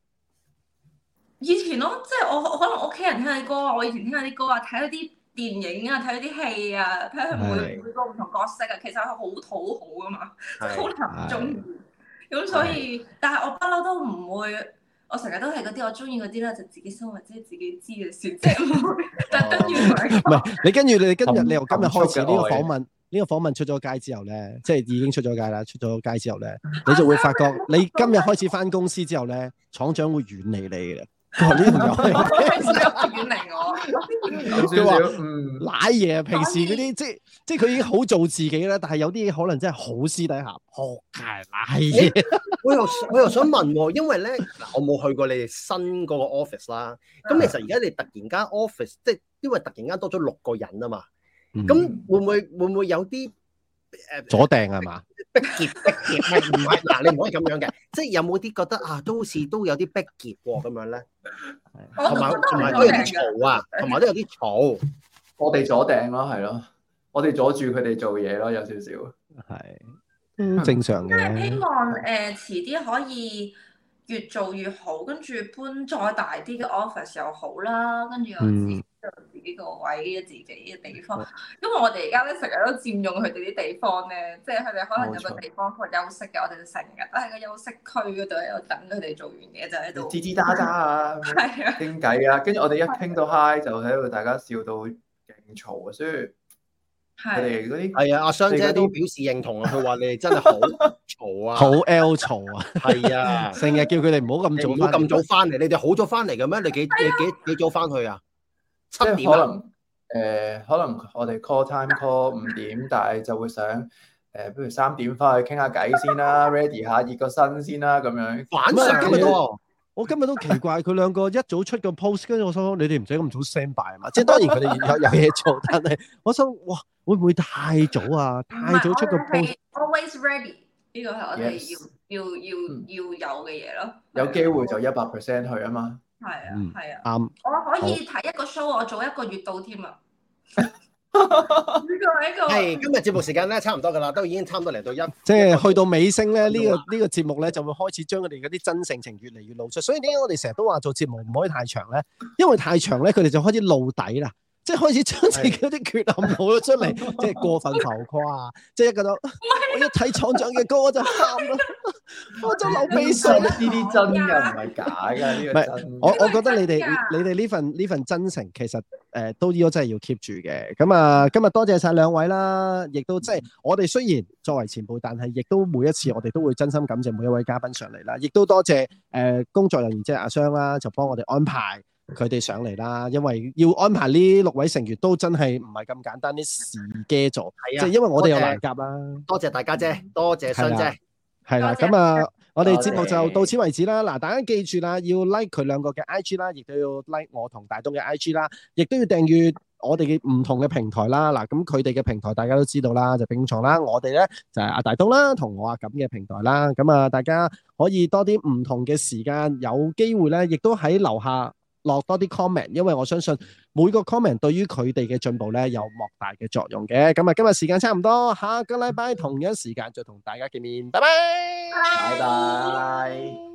以前咯，即係我可能屋企人聽下啲歌，我以前聽下啲歌啊，睇嗰啲，電影啊，睇啲戲啊，睇佢每每個唔同角色啊，其實係好討好噶嘛，好難重。咁是所以，是但係我不嬲都唔會，我成日都係嗰啲我中意嗰啲咧，就自己生活即係自己知嘅事，即係但係跟住唔係，你跟住你，跟你，跟你今日你由今日開始呢個訪問，呢個訪問出咗街之後咧，即係已經出咗街啦。出咗街之後咧，你就會發覺，你今日開始翻公司之後咧，廠長會遠離你嘅。 啲朋友，佢只係話遠離我。佢話 爺：奶賴嘢。平時嗰啲爺即即佢已經好做自己啦，但係有啲嘢可能真係好私底下學嘅賴嘢。我又我又想問喎、啊，因為咧，我冇去過你哋新嗰個 office 啦。咁其實而家你突然間 office，即因為突然間多咗六個人啊嘛。咁會唔會、嗯、會唔會有啲？誒，阻訂係嘛？逼劫，逼劫，唔係，嗱， 你唔可以咁樣嘅，即係有冇啲覺得啊，都是都有啲逼劫喎，咁樣咧，同埋同埋都有啲嘈啊，同埋都有啲嘈、啊。 我哋阻訂咯，係咯，我哋阻住佢哋做嘢咯，有少少係，正常嘅。希望誒、呃，遲啲可以越做越好，跟住搬再大啲嘅 office 又好啦，跟住又。自己個位，自己嘅地方。因為我哋而家咧成日都佔用佢哋啲地方咧，即係佢哋可能有個地方佢休息嘅，我哋成日都喺個休息區嗰度喺度等佢哋做完嘢就喺度吱吱喳喳啊，傾偈啊。跟住我哋一傾到嗨，就喺度，大家笑到勁嘈啊。所以你啲係啊，阿雙姐都表示認同 啊。佢話你哋真係好嘈啊，好 l 嘈啊。係 啊，成日叫佢哋唔好咁早咁早翻嚟。你哋好咗翻嚟嘅咩？你幾幾幾早翻去啊？即係可能誒、呃，可能我哋 call time call 五點，但係就會想誒，不、呃、如三點翻去傾下偈先啦、啊、 ，ready 下熱個身先啦、啊，咁樣。反常嘅喎，嗯、我今日都奇怪佢 兩個一早出個 post，跟住我心諗你哋唔使咁早 stand by 啊嘛，即、就、係、是、當然佢哋有 有嘢做，但係我想哇，會唔會太早啊？太早出個 post。Always ready，呢個係我哋要 Yes. 要要要，要有嘅嘢咯。 有機會就一百 percent 去啊嘛。係啊，係啊，啱。 我可以睇一個 show，我做一個月到添 啊。呢個係呢個。係今日節目時間咧，差唔多噶啦，都已經差唔多嚟到一。即係、 就是、去到尾聲咧，呢、 這個呢、這個節目咧就會開始將佢哋嗰啲真性情越嚟越露出。所以點解我哋成日都話做節目唔可以太長咧？因為太長咧，佢哋就開始露底啦。即係開始將自己啲缺陷，露咗出嚟，即係 過分浮誇，即係 一個就，我一睇廠長嘅歌我就喊啦， 真我真好悲傷。呢啲真嘅唔係假嘅。唔係，我我覺得你哋 你哋呢份呢份真誠，其實誒都、呃、都真係要 keep 住嘅。咁啊，今日多謝晒兩位啦，亦都即係、就是、我哋雖然作為前輩，但係亦都每一次我哋都會真心感謝每一位嘉賓上嚟啦，亦都多謝誒、呃嗯、工作人員即係阿湘啦，就幫我哋安排，佢哋上嚟啦，因為要安排呢六位成員都真係唔係咁簡單啲事嘅做，係啊，即係因為我哋有難夾啦。多謝大家姐，多謝孫姐，係啦，咁啊，我哋節目就到此為止啦。嗱，大家記住啦，要 like 佢兩個嘅 IG 啦，亦都要 like 我同大東嘅 IG 啦，亦都要訂閱我哋嘅唔同嘅平台啦。嗱，咁佢哋嘅平台大家都知道啦，就兵工廠啦。我哋咧就係阿大東啦，同我啊錦嘅平台啦。咁啊，大家可以多啲唔同嘅時間，有機會咧，亦都喺樓下。落多啲 comment，因為我相信每個 comment 對於佢哋嘅進步咧有莫大嘅作用嘅。咁啊，今日時間差唔多，下個禮拜同樣時間再同大家見面，拜拜，拜拜。